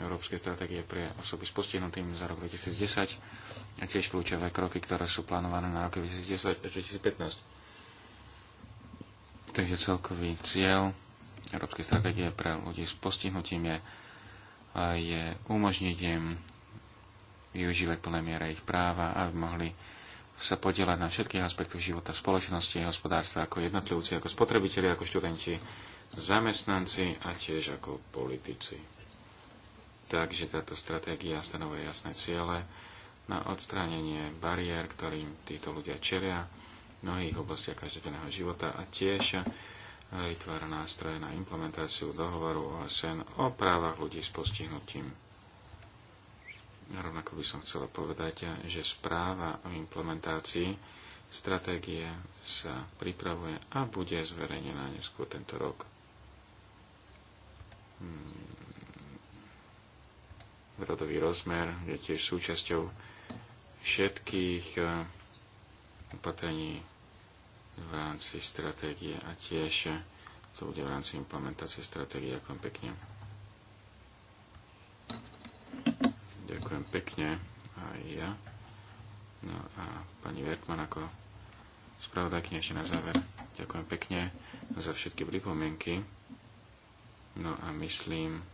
Európskej stratégie pre osoby s postihnutým za rok 2010 a tiež kľúčové kroky, ktoré sú plánované na roky 2010 a 2015. Takže celkový cieľ Európskej stratégie pre ľudí s postihnutím je, je umožniť im využívať plné miere ich práva, aby mohli sa podielať na všetkých aspektoch života spoločnosti, hospodárstva, ako jednotlivci, ako spotrebitelia, ako študenti, zamestnanci a tiež ako politici. Takže táto stratégia stanovuje jasné ciele na odstránenie bariér, ktorým títo ľudia čelia v mnohých oblastiach každodenného života a tiež vytvára nástroje na implementáciu dohovoru OSN o právach ľudí s postihnutím. Rovnako by som chcela povedať, že správa o implementácii stratégie sa pripravuje a bude zverejnená neskôr tento rok. Hmm. rodový rozmer je tiež súčasťou všetkých eh, opatrení v rámci stratégie a tiež eh, to bude v rámci implementácie stratégie. Ďakujem pekne. Ďakujem pekne aj ja. No a pani Vertman ako spravodajkňa ešte na záver. Ďakujem pekne za všetky pripomienky. No a myslím,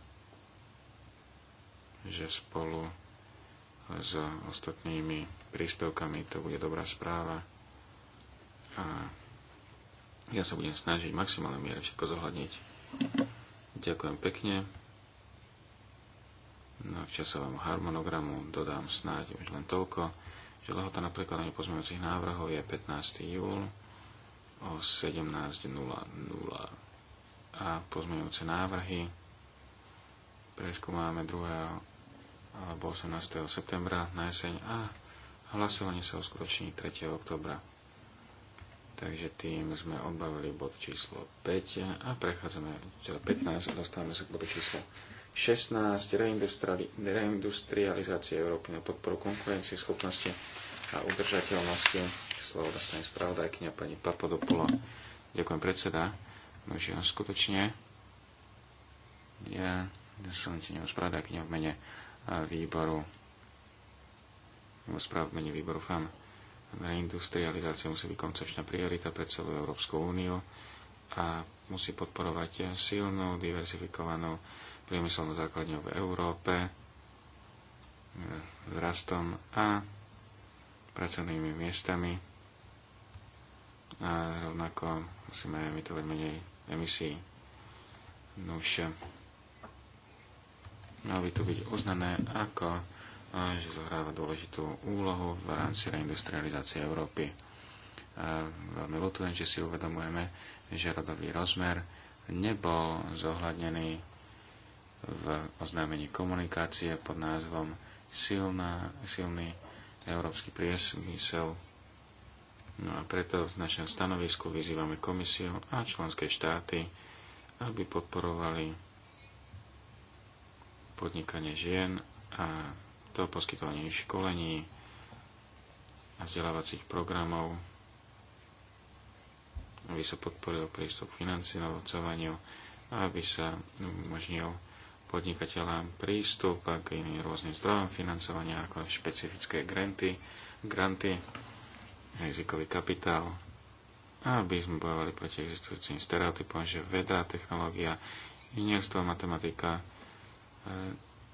že spolu s ostatnými príspevkami to bude dobrá správa. A ja sa budem snažiť maximálne miere všetko zohľadniť. Ďakujem pekne. No k časovému harmonogramu dodám snáď už len toľko, že lehota na prekladanie pozmeňujúcich návrhov je 15. júl o 17.00 a pozmeňujúce návrhy. Preskúmame 2. alebo 18. septembra na jeseň a hlasovanie sa uskutoční 3. oktobra. Takže tým sme odbavili bod číslo 5 a prechádzame, teda 15 a dostávame sa k bodu číslo 16. reindustrializácia Európy na podporu konkurencie, schopnosti a udržateľnosti. Slovo dostane spravodajkynia pani Papadopola. Ďakujem predseda on no, skutočne je som ti neospravedlňujem v mene e, výboru správ v mene výboru FAM. Reindustrializácia musí byť koncepčná priorita pre celú Európsku úniu a musí podporovať silnú, diverzifikovanú priemyselnú základňu v Európe e, s rastom a pracovnými miestami. A rovnako musíme vytvoriť menej emisí. No už eh, malo by to byť uznané ako, eh, že zohráva dôležitú úlohu v rámci reindustrializácie Európy. A eh, veľmi ľutujem, že si uvedomujeme, že rodový rozmer nebol zohľadnený v oznámení komunikácie pod názvom silná, silný európsky priesmysel No a preto v našom stanovisku vyzývame komisiu a členské štáty, aby podporovali podnikanie žien a to poskytovanie školení a vzdelávacích programov, aby sa podporil prístup k financovaniu a aby sa umožnil podnikateľám prístup k iným rôznym zdrojom financovania ako špecifické granty, granty rizikový kapitál, aby sme bojovali proti existujúcim stereotypom, že veda, technológia, inžinierstvo, matematika e,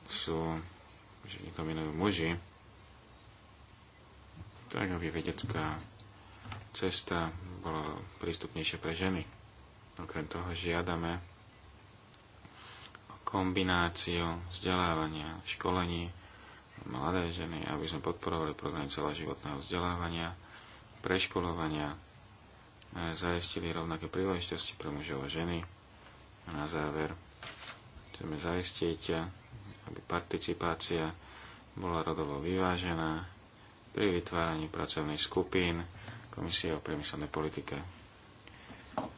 sú, že ich dominujú muži, tak aby vedecká cesta bola prístupnejšia pre ženy. Okrem toho žiadame o kombináciu vzdelávania, školení mladé ženy, aby sme podporovali program celoživotného vzdelávania, preškolovania, e, zaistili rovnaké príležitosti pre mužov a ženy. A na záver chceme zaistiť, aby participácia bola rodovo vyvážená pri vytváraní pracovných skupín Komisie o priemyselnej politike.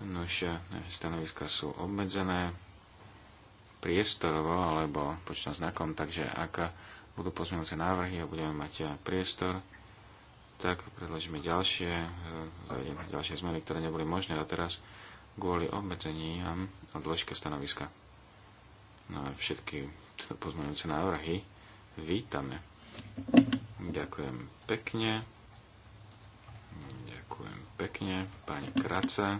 Nož, naše stanoviska sú obmedzené priestorovo alebo počtom znakom, takže ak budú pozmeňujúce návrhy a budeme mať priestor, tak predložíme ďalšie, zajdeme ďalšie zmeny, ktoré neboli možné a teraz kvôli obmedzeniam a dĺžke stanoviska. No a všetky pozmeňujúce návrhy vítame. Ďakujem pekne. Ďakujem pekne, pani Kraca.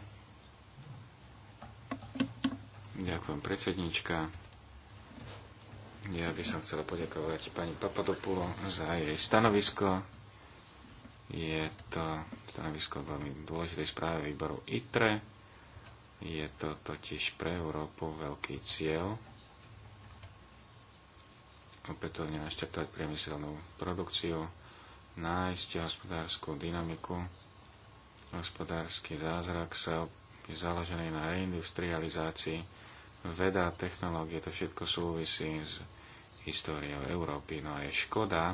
Ďakujem predsednička. Ja by som chcela poďakovať pani Papadopulo za jej stanovisko. Je to stanovisko veľmi dôležitej správe výboru ITRE. Je to totiž pre Európu veľký cieľ opätovne naštartovať priemyselnú produkciu, nájsť hospodárskú dynamiku. Hospodársky zázrak sa je založený na reindustrializácii. Veda, technológie, to všetko súvisí s históriou Európy. No a je škoda,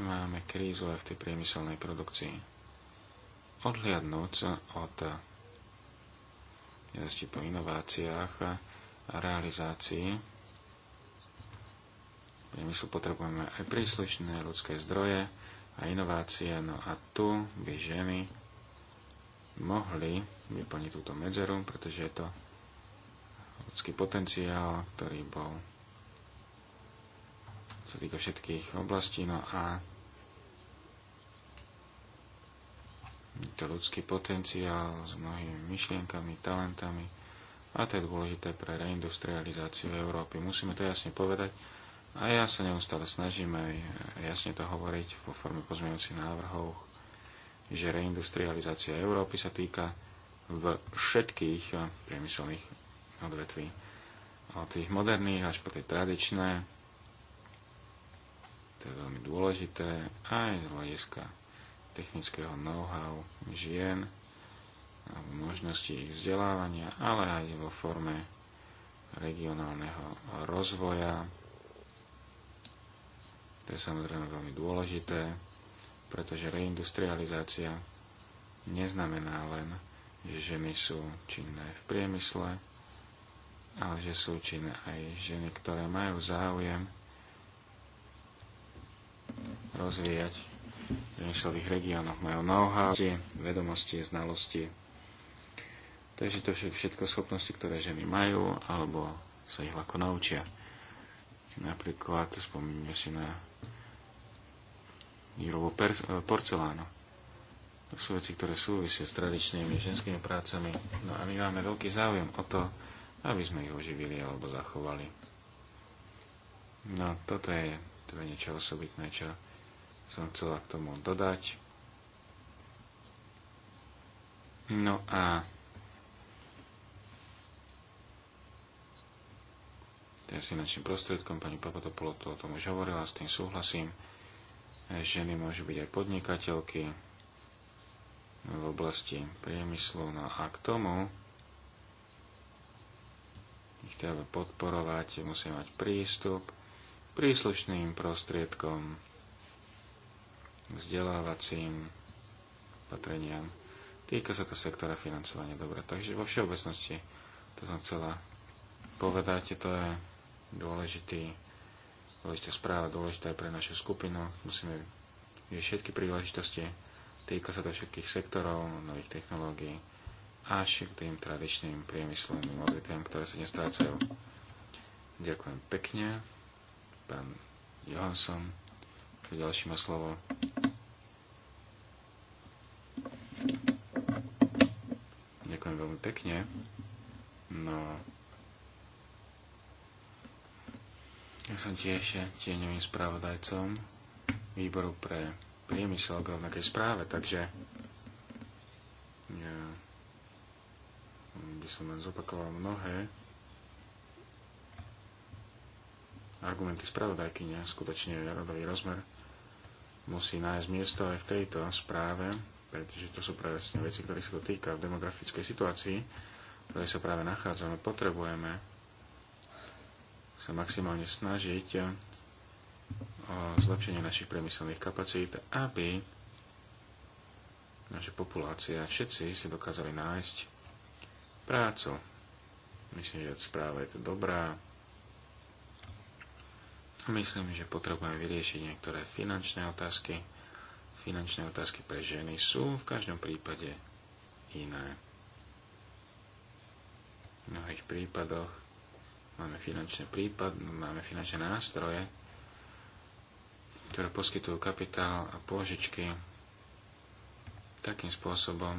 máme krízu aj v tej priemyselnej produkcii. Odhliadnúc od jazdí po inováciách a realizácii priemyslu potrebujeme aj príslušné ľudské zdroje a inovácie, no a tu by ženy mohli vyplniť túto medzeru, pretože je to ľudský potenciál, ktorý bol sa týka všetkých oblastí, no a to ľudský potenciál s mnohými myšlienkami, talentami a to je dôležité pre reindustrializáciu Európy. Musíme to jasne povedať a ja sa neustále snažím aj jasne to hovoriť vo forme pozmeňujúcich návrhov, že reindustrializácia Európy sa týka v všetkých priemyselných odvetví. Od tých moderných až po tie tradičné. To je veľmi dôležité aj z hľadiska technického know-how žien, v možnosti ich vzdelávania, ale aj vo forme regionálneho rozvoja. To je samozrejme veľmi dôležité, pretože reindustrializácia neznamená len, že ženy sú činné v priemysle, ale že sú činné aj ženy, ktoré majú záujem rozvíjať v priemyselných regiónoch, majú know-how, vedomosti, znalosti. Takže to všetko schopnosti, ktoré ženy majú, alebo sa ich ľahko naučia. Napríklad spomíname si na Jurovo porcelánu. To sú veci, ktoré súvisia s tradičnými ženskými prácami. No a my máme veľký záujem o to, aby sme ich oživili alebo zachovali. No toto je je teda niečo osobitné, čo som chcela k tomu dodať. No a teraz finančným prostriedkom, pani Papadopoulou to o tom už hovorila, s tým súhlasím. Ženy môžu byť aj podnikateľky v oblasti priemyslu. No a k tomu ich treba podporovať, musia mať prístup príslušným prostriedkom vzdelávacím patreniam. Týka sa to sektora financovania. Dobre, takže vo všeobecnosti to som chcela povedať. To je dôležitý, dôležitá správa, dôležitá aj pre našu skupinu. Musíme vyšiť všetky príležitosti. Týka sa to všetkých sektorov, nových technológií až k tým tradičným priemyslovým odvetviam, ktoré sa nestrácajú. Ďakujem pekne. Pán Johansson, ďalšíma slovo. pekne. No, ja som tiež tieňovým spravodajcom výboru pre priemysel k rovnakej správe, takže ja by som len zopakoval mnohé argumenty spravodajkyne, skutočne rodový rozmer musí nájsť miesto aj v tejto správe, pretože to sú presne veci, ktoré sa to týka v demografickej situácii, ktoré sa práve nachádzame. Potrebujeme sa maximálne snažiť o zlepšenie našich priemyselných kapacít, aby naša populácia, všetci si dokázali nájsť prácu. Myslím, že správa je to dobrá. Myslím, že potrebujeme vyriešiť niektoré finančné otázky, finančné otázky pre ženy sú v každom prípade iné. V mnohých prípadoch máme finančné, prípad, máme finančné nástroje, ktoré poskytujú kapitál a pôžičky takým spôsobom,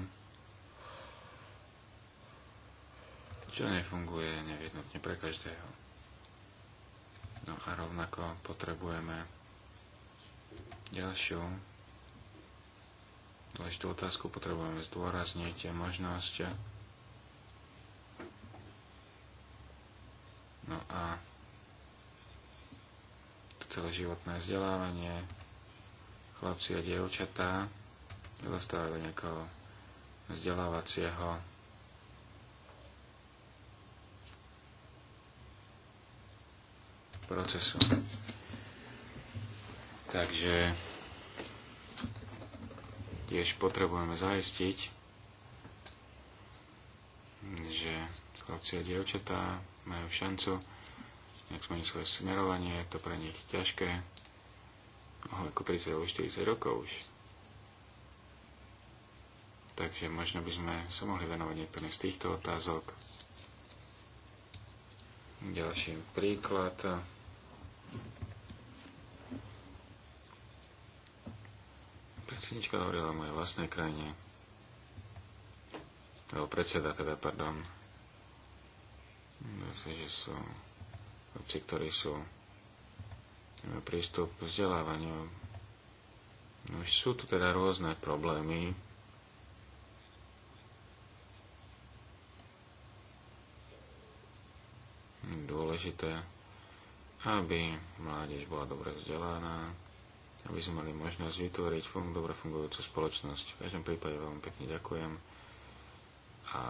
čo nefunguje nevyhnutne pre každého. No a rovnako potrebujeme ďalšiu dôležitú otázku potrebujeme zdôrazniť a možnosť. No a to celoživotné vzdelávanie, chlapci a dievčatá dostávajú do nejakého vzdelávacieho procesu. Takže tiež potrebujeme zaistiť, že chlapci a dievčatá majú šancu nejak zmeniť svoje smerovanie, je to pre nich ťažké, ako 30 alebo 40 rokov už. Takže možno by sme sa mohli venovať niektorým z týchto otázok. Ďalší príklad. Sinička hovorila o mojej vlastnej krajine. Alebo predseda teda, pardon. Myslím, že sú obci, ktorí sú prístup k vzdelávaniu. No, sú tu teda rôzne problémy. Dôležité, aby mládež bola dobre vzdelaná, aby sme mali možnosť vytvoriť fun- dobre fungujúcu spoločnosť. V každom prípade veľmi pekne ďakujem a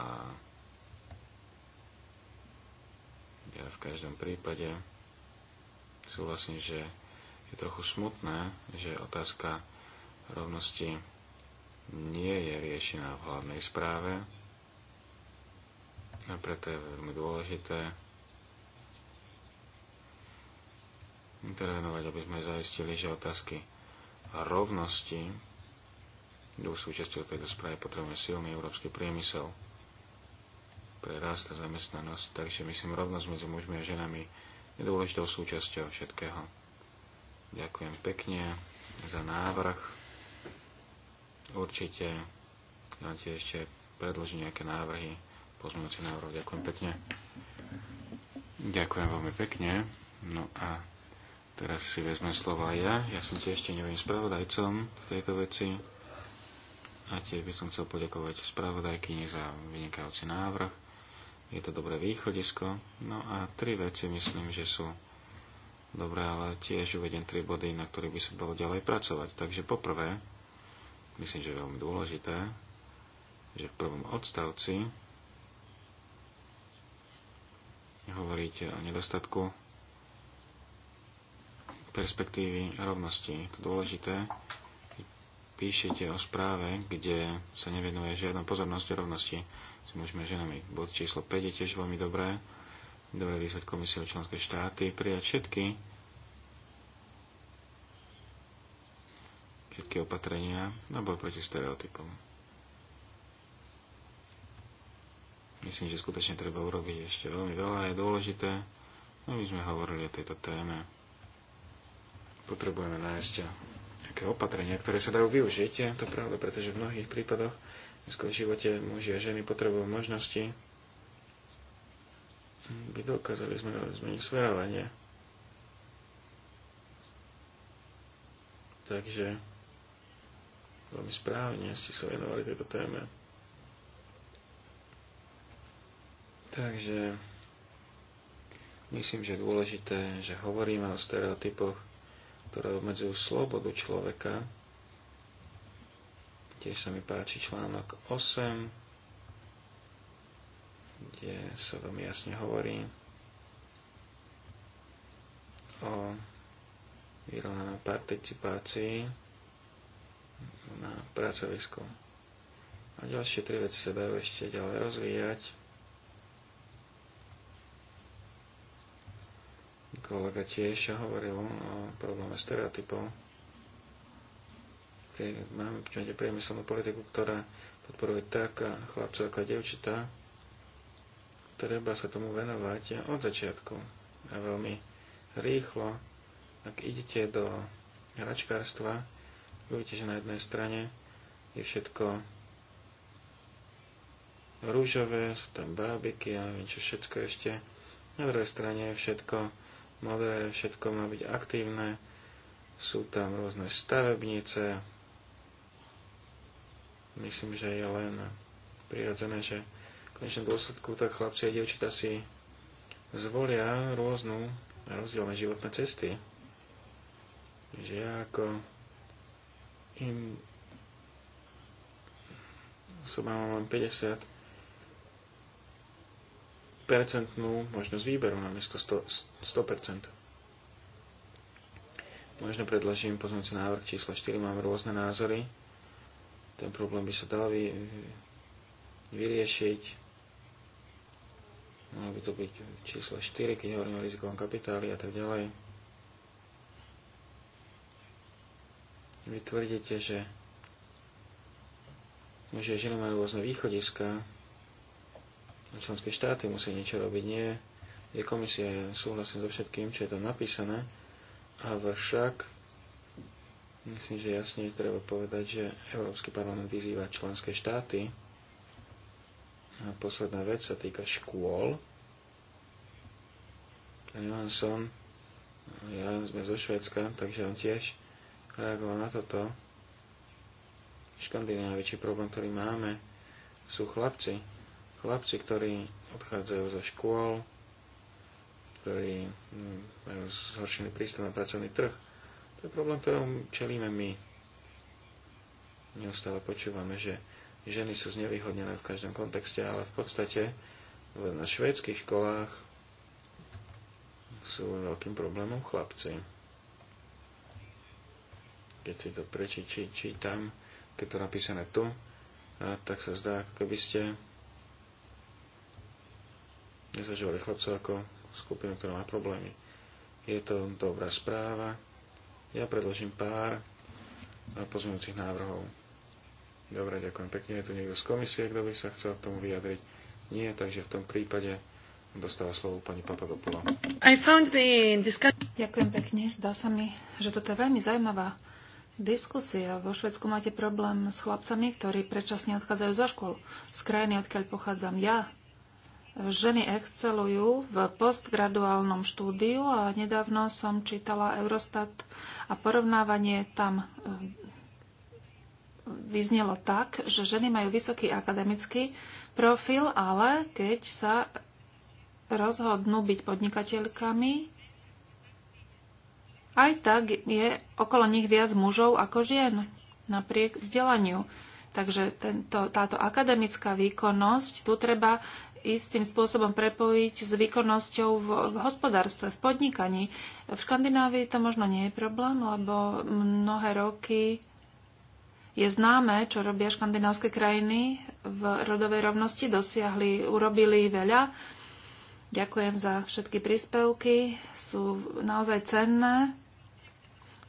ja v každom prípade súhlasím, že je trochu smutné, že otázka rovnosti nie je riešená v hlavnej správe a preto je veľmi dôležité intervenovať, aby sme zaistili, že otázky rovnosti budú súčasťou tejto správy. Potrebujeme silný európsky priemysel pre rast a zamestnanosť, takže myslím, rovnosť medzi mužmi a ženami je dôležitou súčasťou všetkého. Ďakujem pekne za návrh. Určite máte ešte predložiť nejaké návrhy, pozmúci návrh. Ďakujem pekne. Ďakujem veľmi pekne. No a Teraz si vezme slova ja. Ja som tiež ešte novým spravodajcom v tejto veci. A tiež by som chcel poďakovať spravodajkyni za vynikajúci návrh. Je to dobré východisko. No a tri veci myslím, že sú dobré, ale tiež uvedem tri body, na ktorých by sa dalo ďalej pracovať. Takže poprvé, myslím, že je veľmi dôležité, že v prvom odstavci hovoríte o nedostatku perspektívy rovnosti. Je to dôležité. Píšete o správe, kde sa nevenuje žiadna pozornosť rovnosti s mužmi a ženami. Bod číslo 5 je tiež veľmi dobré. Dobre výsledky komisie o členské štáty. Prijať všetky všetky opatrenia na boj proti stereotypom. Myslím, že skutočne treba urobiť ešte veľmi veľa. Je dôležité, aby sme hovorili o tejto téme. Potrebujeme nájsť nejaké opatrenia, ktoré sa dajú využiť. Je to pravda, pretože v mnohých prípadoch v živote muži a ženy potrebujú možnosti, by dokázali sme zmeniť smerovanie. Takže veľmi správne ste sa venovali tejto téme. Takže myslím, že je dôležité, že hovoríme o stereotypoch, ktoré obmedzujú slobodu človeka. Tiež sa mi páči článok 8, kde sa veľmi jasne hovorí o vyrovnanej participácii na pracovisku. A ďalšie tri veci sa dajú ešte ďalej rozvíjať. kolega tiež hovoril o probléme stereotypov. Máme v priemyselnú politiku, ktorá podporuje tak chlapcov ako devčatá. Treba sa tomu venovať od začiatku a veľmi rýchlo. Ak idete do hračkárstva, vidíte, že na jednej strane je všetko rúžové, sú tam bábiky a neviem čo všetko ešte. Na druhej strane je všetko modré, všetko má byť aktívne, sú tam rôzne stavebnice. Myslím, že je len prirodzené, že v konečnom dôsledku tak chlapci a dievčatá si zvolia rôznu rozdielne životné cesty. Že ja ako im osoba mám len 50 percentnú možnosť výberu na 100%. 100%. Možno predložím pozmeňujúci návrh číslo 4, mám rôzne názory. Ten problém by sa dal vy, vyriešiť. Malo by to byť číslo 4, keď hovorím o rizikovom kapitáli a tak ďalej. Vy tvrdíte, že, môže ženy majú rôzne východiska, členské štáty musí niečo robiť, nie je komisia, súhlasím so všetkým, čo je tam napísané, avšak myslím, že jasne treba povedať, že Európsky parlament vyzýva členské štáty a posledná vec sa týka škôl. Pán Johansson, ja sme zo Švedska, takže on tiež reagoval na toto. V problém, ktorý máme, sú chlapci, Chlapci, ktorí odchádzajú zo škôl, ktorí hm, majú zhoršený prístup na pracovný trh, to je problém, ktorom čelíme my. Neustále počúvame, že ženy sú znevýhodnené v každom kontexte, ale v podstate na švédskych školách sú veľkým problémom chlapci. Keď si to prečítam, keď to napísané tu, tak sa zdá, ako keby ste nezažívali chlapcov ako skupinu, ktorá má problémy. Je to dobrá správa. Ja predložím pár pozmeňujúcich návrhov. Dobre, ďakujem pekne. Je tu niekto z komisie, kto by sa chcel k tomu vyjadriť? Nie, takže v tom prípade dostáva slovo pani Papadopola. Ďakujem pekne. Zdá sa mi, že toto je veľmi zaujímavá diskusia. Vo Švedsku máte problém s chlapcami, ktorí predčasne odchádzajú zo škôl. Z krajiny, odkiaľ pochádzam ja, ženy excelujú v postgraduálnom štúdiu a nedávno som čítala Eurostat a porovnávanie tam e, vyznelo tak, že ženy majú vysoký akademický profil, ale keď sa rozhodnú byť podnikateľkami, aj tak je okolo nich viac mužov ako žien, napriek vzdelaniu. Takže tento, táto akademická výkonnosť, tu treba istým spôsobom prepojiť s výkonnosťou v, v hospodárstve, v podnikaní. V Škandinávii to možno nie je problém, lebo mnohé roky je známe, čo robia škandinávske krajiny v rodovej rovnosti. Dosiahli, urobili veľa. Ďakujem za všetky príspevky. Sú naozaj cenné.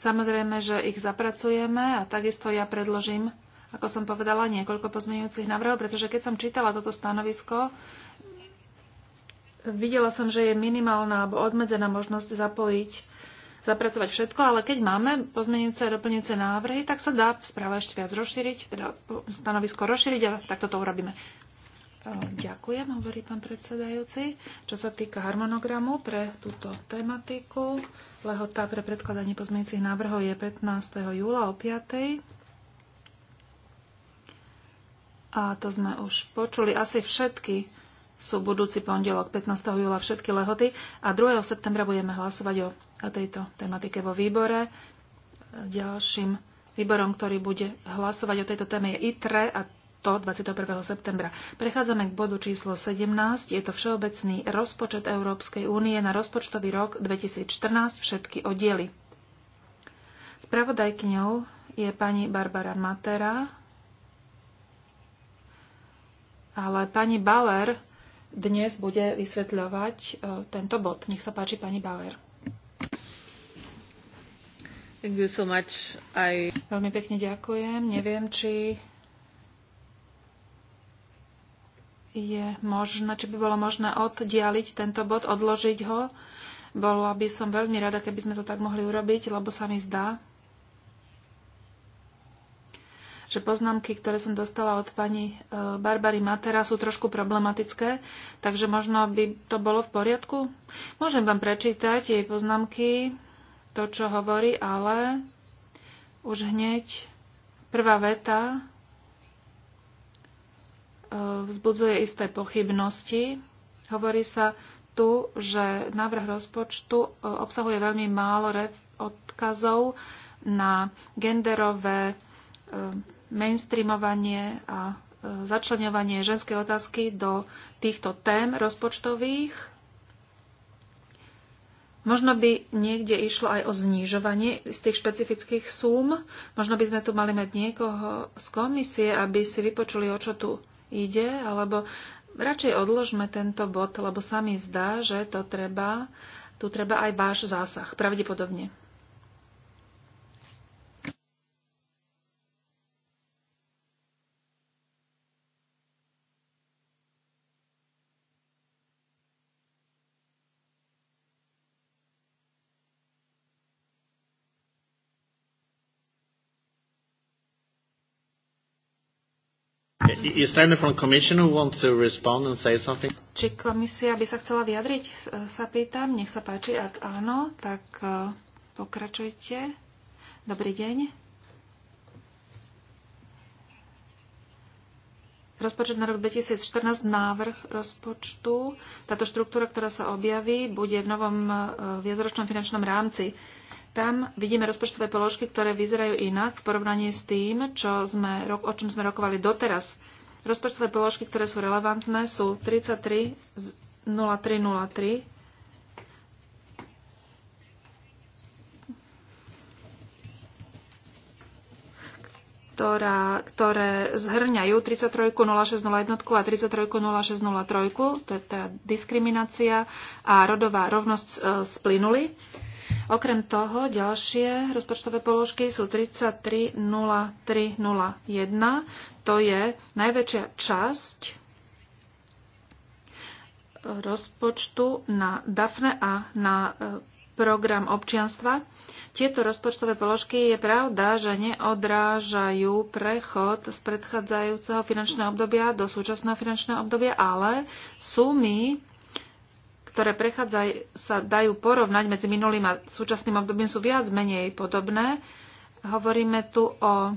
Samozrejme, že ich zapracujeme a takisto ja predložím ako som povedala, niekoľko pozmeňujúcich návrhov, pretože keď som čítala toto stanovisko, videla som, že je minimálna alebo obmedzená možnosť zapojiť, zapracovať všetko, ale keď máme pozmeňujúce a doplňujúce návrhy, tak sa dá správa ešte viac rozšíriť, teda stanovisko rozšíriť a takto to urobíme. Ehm, ďakujem, hovorí pán predsedajúci. Čo sa týka harmonogramu pre túto tematiku, lehota pre predkladanie pozmeňujúcich návrhov je 15. júla o 5. A to sme už počuli. Asi všetky sú budúci pondelok 15. júla všetky lehoty a 2. septembra budeme hlasovať o tejto tematike vo výbore. Ďalším výborom, ktorý bude hlasovať o tejto téme je ITRE a to 21. septembra. Prechádzame k bodu číslo 17. Je to Všeobecný rozpočet Európskej únie na rozpočtový rok 2014 všetky oddiely. Spravodajkňou je pani Barbara Matera, ale pani Bauer dnes bude vysvetľovať e, tento bod. Nech sa páči, pani Bauer. Thank you so much. I... Veľmi pekne ďakujem. Neviem, či je možné, či by bolo možné oddialiť tento bod, odložiť ho. Bola by som veľmi rada, keby sme to tak mohli urobiť, lebo sa mi zdá, že poznámky, ktoré som dostala od pani e, Barbary Matera, sú trošku problematické, takže možno by to bolo v poriadku. Môžem vám prečítať jej poznámky, to, čo hovorí, ale už hneď prvá veta e, vzbudzuje isté pochybnosti. Hovorí sa tu, že návrh rozpočtu e, obsahuje veľmi málo odkazov na genderové mainstreamovanie a e, začlenovanie ženskej otázky do týchto tém rozpočtových. Možno by niekde išlo aj o znižovanie z tých špecifických súm. Možno by sme tu mali mať niekoho z komisie, aby si vypočuli, o čo tu ide, alebo radšej odložme tento bod, lebo sa mi zdá, že to treba, tu treba aj váš zásah, pravdepodobne. Is there from Commission who wants to respond and say something? Či komisia by sa chcela vyjadriť, sa pýtam. Nech sa páči, ak áno, tak e, pokračujte. Dobrý deň. Rozpočet na rok 2014, návrh rozpočtu. Táto štruktúra, ktorá sa objaví, bude v novom e, viacročnom finančnom rámci. Tam vidíme rozpočtové položky, ktoré vyzerajú inak v porovnaní s tým, čo sme, o čom sme rokovali doteraz. Rozpočtové položky, ktoré sú relevantné, sú 330303 ktoré zhrňajú 33.06.01 a 33.06.03, to je teda diskriminácia a rodová rovnosť splinuli. E, Okrem toho ďalšie rozpočtové položky sú 330301. To je najväčšia časť rozpočtu na DAFNE a na e, program občianstva. Tieto rozpočtové položky je pravda, že neodrážajú prechod z predchádzajúceho finančného obdobia do súčasného finančného obdobia, ale sumy ktoré sa dajú porovnať medzi minulým a súčasným obdobím, sú viac menej podobné. Hovoríme tu o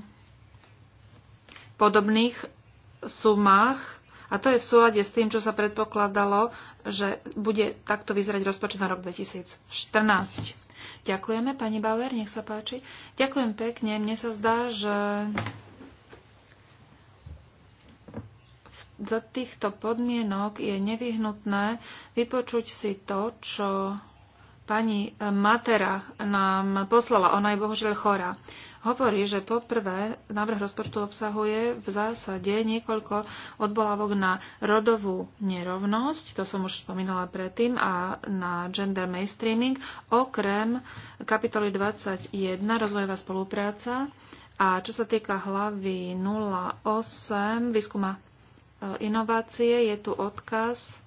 podobných sumách a to je v súlade s tým, čo sa predpokladalo, že bude takto vyzerať rozpočet na rok 2014. Ďakujeme, pani Bauer, nech sa páči. Ďakujem pekne. Mne sa zdá, že za týchto podmienok je nevyhnutné vypočuť si to, čo pani Matera nám poslala. Ona je bohužiaľ chorá. Hovorí, že poprvé návrh rozpočtu obsahuje v zásade niekoľko odbolávok na rodovú nerovnosť, to som už spomínala predtým, a na gender mainstreaming, okrem kapitoly 21 rozvojová spolupráca a čo sa týka hlavy 08 výskuma E, inovácie je tu odkaz,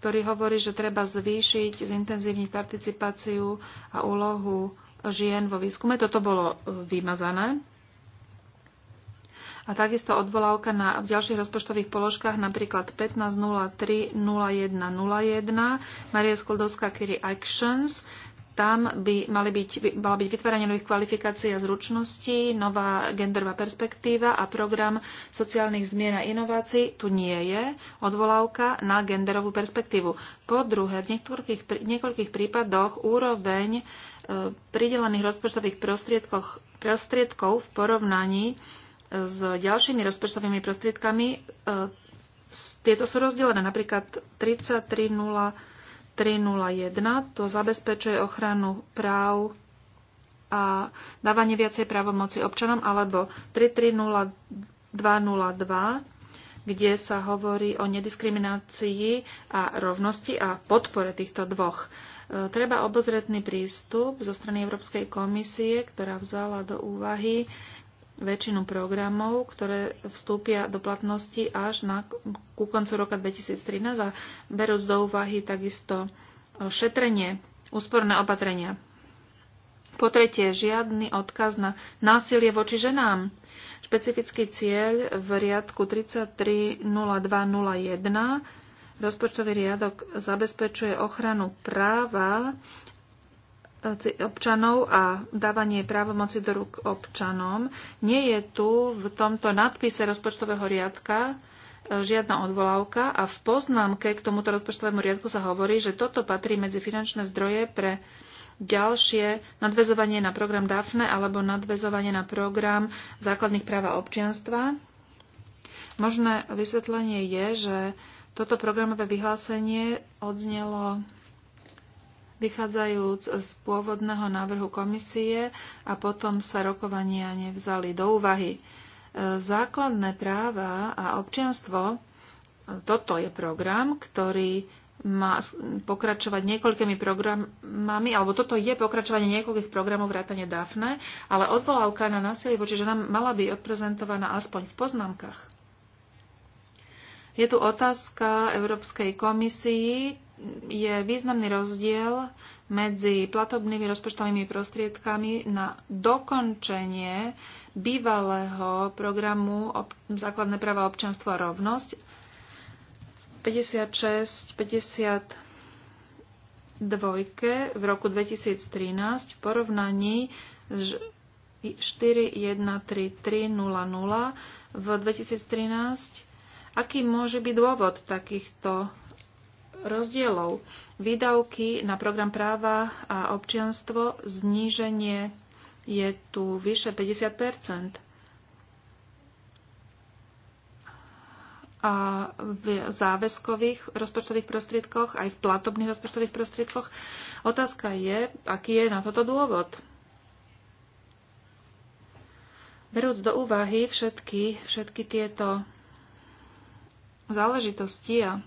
ktorý hovorí, že treba zvýšiť, zintenzívniť participáciu a úlohu žien vo výskume. Toto bolo e, vymazané. A takisto odvolávka na, v ďalších rozpočtových položkách, napríklad 15.03.01.01, Maria Skoldovská Kiri Actions, tam by mali byť, mala byť vytváranie nových kvalifikácií a zručností, nová genderová perspektíva a program sociálnych zmien a inovácií. Tu nie je odvolávka na genderovú perspektívu. Po druhé, v niektorých, niekoľkých prípadoch úroveň e, pridelených rozpočtových prostriedkov, v porovnaní e, s ďalšími rozpočtovými prostriedkami e, tieto sú rozdelené. Napríklad 33,0 301. To zabezpečuje ochranu práv a dávanie viacej právomoci občanom, alebo 330202, kde sa hovorí o nediskriminácii a rovnosti a podpore týchto dvoch. E, treba obozretný prístup zo strany Európskej komisie, ktorá vzala do úvahy väčšinu programov, ktoré vstúpia do platnosti až na, ku koncu roka 2013 a berúc do úvahy takisto e, šetrenie, úsporné opatrenia. Po tretie, žiadny odkaz na násilie voči ženám. Špecifický cieľ v riadku 330201 rozpočtový riadok zabezpečuje ochranu práva občanov a dávanie právomoci do rúk občanom. Nie je tu v tomto nadpise rozpočtového riadka e, žiadna odvolávka a v poznámke k tomuto rozpočtovému riadku sa hovorí, že toto patrí medzi finančné zdroje pre ďalšie nadvezovanie na program DAFNE alebo nadvezovanie na program základných práv a občianstva. Možné vysvetlenie je, že toto programové vyhlásenie odznelo vychádzajúc z pôvodného návrhu komisie a potom sa rokovania nevzali do úvahy. E, základné práva a občianstvo, toto je program, ktorý má pokračovať niekoľkými programami, alebo toto je pokračovanie niekoľkých programov vrátane DAFNE, ale odvolávka na násilie voči ženám mala byť odprezentovaná aspoň v poznámkach. Je tu otázka Európskej komisii, je významný rozdiel medzi platobnými rozpočtovými prostriedkami na dokončenie bývalého programu Základné práva občanstvo a rovnosť 56, 52 v roku 2013 v porovnaní 413300 v 2013. Aký môže byť dôvod takýchto rozdielov. Výdavky na program práva a občianstvo, zníženie je tu vyše 50 a v záväzkových rozpočtových prostriedkoch, aj v platobných rozpočtových prostriedkoch. Otázka je, aký je na toto dôvod. Berúc do úvahy všetky, všetky tieto záležitosti a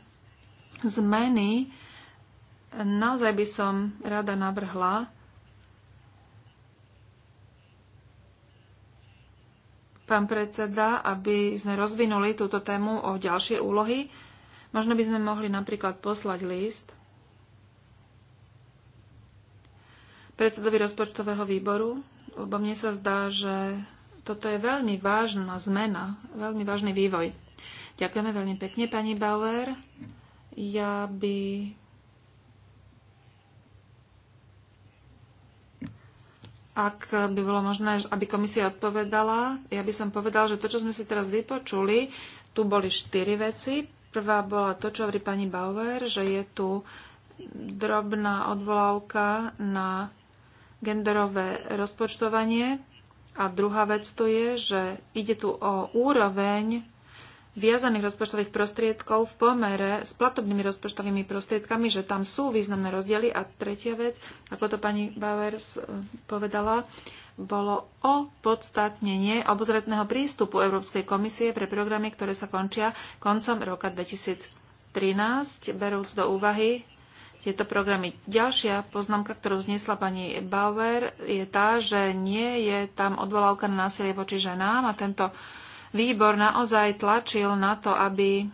zmeny naozaj by som rada navrhla pán predseda, aby sme rozvinuli túto tému o ďalšie úlohy. Možno by sme mohli napríklad poslať list predsedovi rozpočtového výboru, lebo mne sa zdá, že toto je veľmi vážna zmena, veľmi vážny vývoj. Ďakujeme veľmi pekne, pani Bauer. Ja by ak by bolo možné, aby komisia odpovedala, ja by som povedal, že to, čo sme si teraz vypočuli, tu boli štyri veci. Prvá bola to, čo hovorí pani Bauer, že je tu drobná odvolávka na genderové rozpočtovanie. A druhá vec tu je, že ide tu o úroveň viazaných rozpočtových prostriedkov v pomere s platobnými rozpočtovými prostriedkami, že tam sú významné rozdiely. A tretia vec, ako to pani Bauer e, povedala, bolo o podstatnenie obozretného prístupu Európskej komisie pre programy, ktoré sa končia koncom roka 2013, berúc do úvahy tieto programy. Ďalšia poznámka, ktorú zniesla pani Bauer, je tá, že nie je tam odvolávka na násilie voči ženám a tento výbor naozaj tlačil na to, aby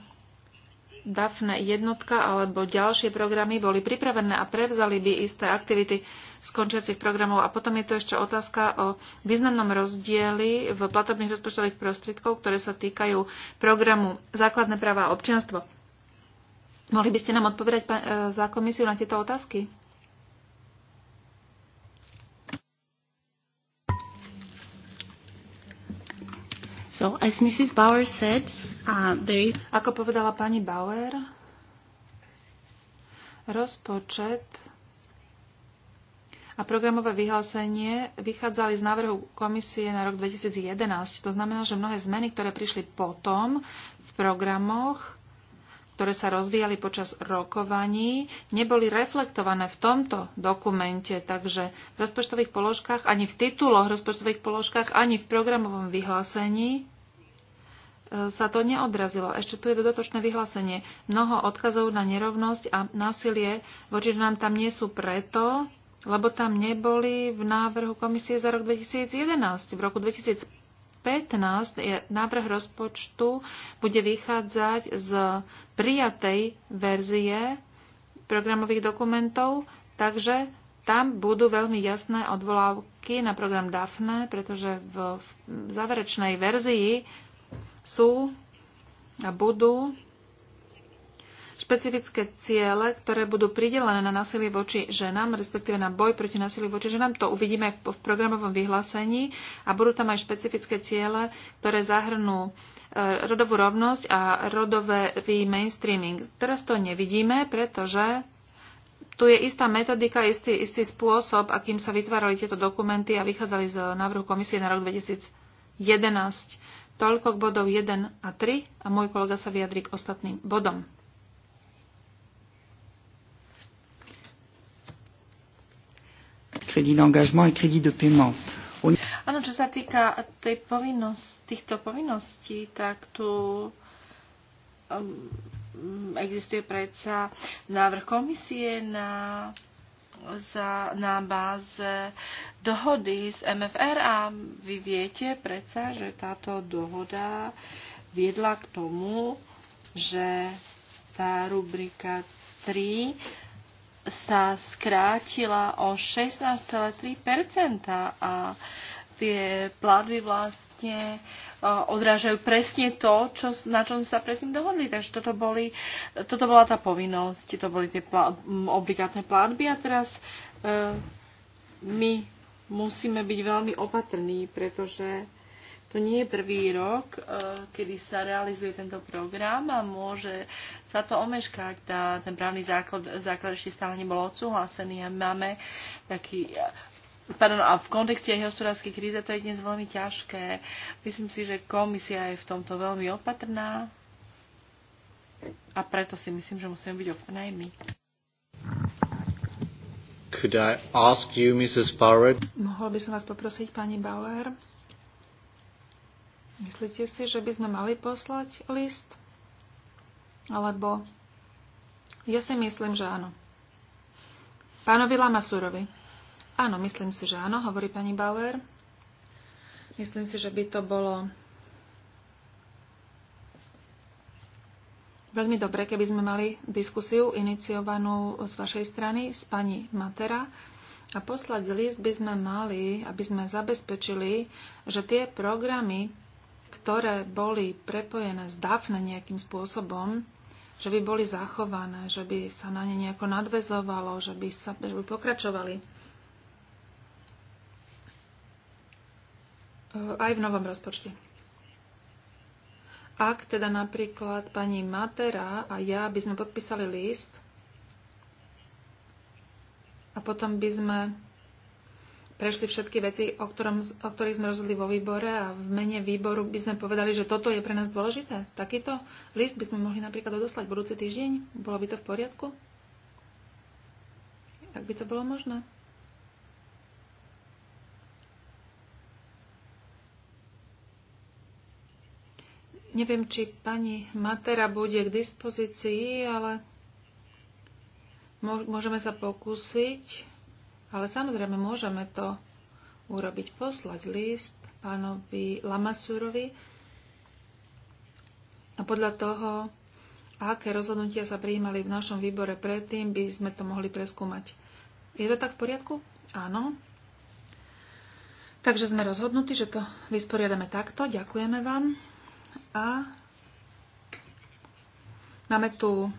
DAFNE jednotka alebo ďalšie programy boli pripravené a prevzali by isté aktivity z končiacich programov. A potom je to ešte otázka o významnom rozdieli v platobných rozpočtových prostriedkov, ktoré sa týkajú programu Základné práva a občianstvo. Mohli by ste nám odpovedať e, za komisiu na tieto otázky? So, as Mrs. Bauer said, uh, there is... Ako povedala pani Bauer, rozpočet a programové vyhlásenie vychádzali z návrhu komisie na rok 2011. To znamená, že mnohé zmeny, ktoré prišli potom v programoch, ktoré sa rozvíjali počas rokovaní, neboli reflektované v tomto dokumente, takže v rozpočtových položkách, ani v tituloch rozpočtových položkách, ani v programovom vyhlásení e, sa to neodrazilo. Ešte tu je dodatočné vyhlásenie. Mnoho odkazov na nerovnosť a násilie voči nám tam nie sú preto, lebo tam neboli v návrhu komisie za rok 2011. V roku 2015 15 je, návrh rozpočtu bude vychádzať z prijatej verzie programových dokumentov, takže tam budú veľmi jasné odvolávky na program DAFNE, pretože v záverečnej verzii sú a budú špecifické ciele, ktoré budú pridelené na násilie voči ženám, respektíve na boj proti násiliu voči ženám. To uvidíme v programovom vyhlásení a budú tam aj špecifické ciele, ktoré zahrnú e, rodovú rovnosť a rodový mainstreaming. Teraz to nevidíme, pretože tu je istá metodika, istý, istý spôsob, akým sa vytvárali tieto dokumenty a vychádzali z návrhu komisie na rok 2011. Toľko k bodov 1 a 3 a môj kolega sa vyjadrí k ostatným bodom. crédit d'engagement et crédit de paiement. Áno, čo sa týka tej povinnosť, týchto povinností, tak tu um, existuje predsa návrh komisie na, za, na báze dohody z MFR a vy viete predsa, že táto dohoda viedla k tomu, že tá rubrika 3 sa skrátila o 16,3 a tie platby vlastne e, odrážajú presne to, čo, na čom sa predtým dohodli. Takže toto, boli, toto bola tá povinnosť, to boli tie pl- obligátne platby a teraz uh, my musíme byť veľmi opatrní, pretože to nie je prvý rok, e, kedy sa realizuje tento program a môže sa to omeškať, tá, ten právny základ, základ ešte stále nebol odsúhlasený a máme taký Pardon, a v kontexte aj hospodárskej kríze to je dnes veľmi ťažké. Myslím si, že komisia je v tomto veľmi opatrná a preto si myslím, že musíme byť opatrná aj my. Could I ask you, Mrs. Barrett? Mohol by som vás poprosiť, pani Bauer, Myslíte si, že by sme mali poslať list? Alebo... Ja si myslím, že áno. Pánovi Lamasurovi. Áno, myslím si, že áno, hovorí pani Bauer. Myslím si, že by to bolo veľmi dobre, keby sme mali diskusiu iniciovanú z vašej strany s pani Matera, a poslať list by sme mali, aby sme zabezpečili, že tie programy ktoré boli prepojené s Dafne nejakým spôsobom, že by boli zachované, že by sa na ne nejako nadvezovalo, že by, sa, že by pokračovali. E, aj v novom rozpočte. Ak teda napríklad pani Matera a ja by sme podpísali list a potom by sme prešli všetky veci, o, ktorom, o ktorých sme rozhodli vo výbore a v mene výboru by sme povedali, že toto je pre nás dôležité. Takýto list by sme mohli napríklad odoslať budúci týždeň. Bolo by to v poriadku? Tak by to bolo možné. Neviem, či pani Matera bude k dispozícii, ale môžeme sa pokúsiť ale samozrejme môžeme to urobiť, poslať list pánovi Lamasurovi a podľa toho, aké rozhodnutia sa prijímali v našom výbore predtým, by sme to mohli preskúmať. Je to tak v poriadku? Áno. Takže sme rozhodnutí, že to vysporiadame takto. Ďakujeme vám. A máme tu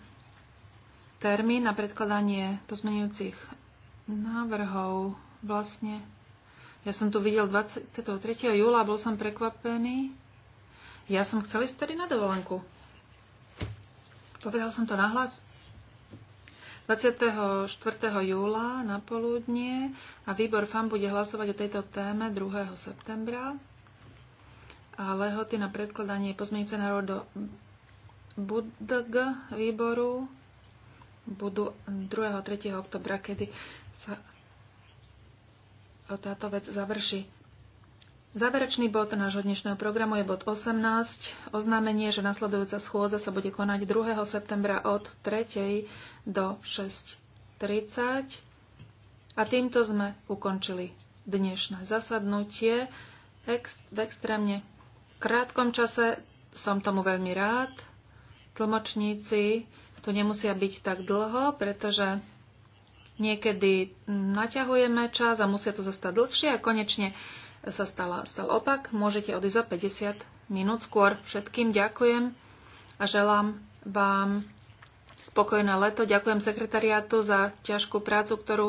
termín na predkladanie pozmenujúcich návrhov vlastne. Ja som tu videl 23. júla a bol som prekvapený. Ja som chcel ísť tedy na dovolenku. Povedal som to nahlas. 24. júla na poludnie a výbor FAM bude hlasovať o tejto téme 2. septembra a lehoty na predkladanie pozmeňujúce návrhu do BUDG výboru budú 2. a 3. oktobra, kedy sa táto vec završí. Záverečný bod nášho dnešného programu je bod 18. Oznámenie, že nasledujúca schôdza sa bude konať 2. septembra od 3. do 6.30. A týmto sme ukončili dnešné zasadnutie. v extrémne krátkom čase som tomu veľmi rád. Tlmočníci tu nemusia byť tak dlho, pretože niekedy naťahujeme čas a musia to zastať dlhšie a konečne sa stala, stal opak. Môžete odísť o 50 minút skôr. Všetkým ďakujem a želám vám spokojné leto. Ďakujem sekretariátu za ťažkú prácu, ktorú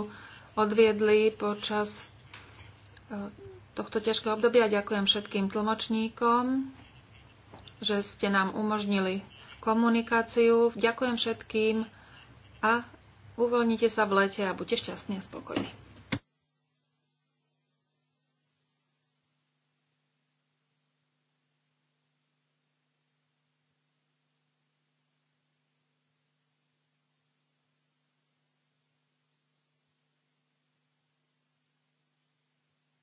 odviedli počas e, tohto ťažkého obdobia. Ďakujem všetkým tlmočníkom, že ste nám umožnili komunikáciu. Ďakujem všetkým a uvoľnite sa v lete a buďte šťastní a spokojní.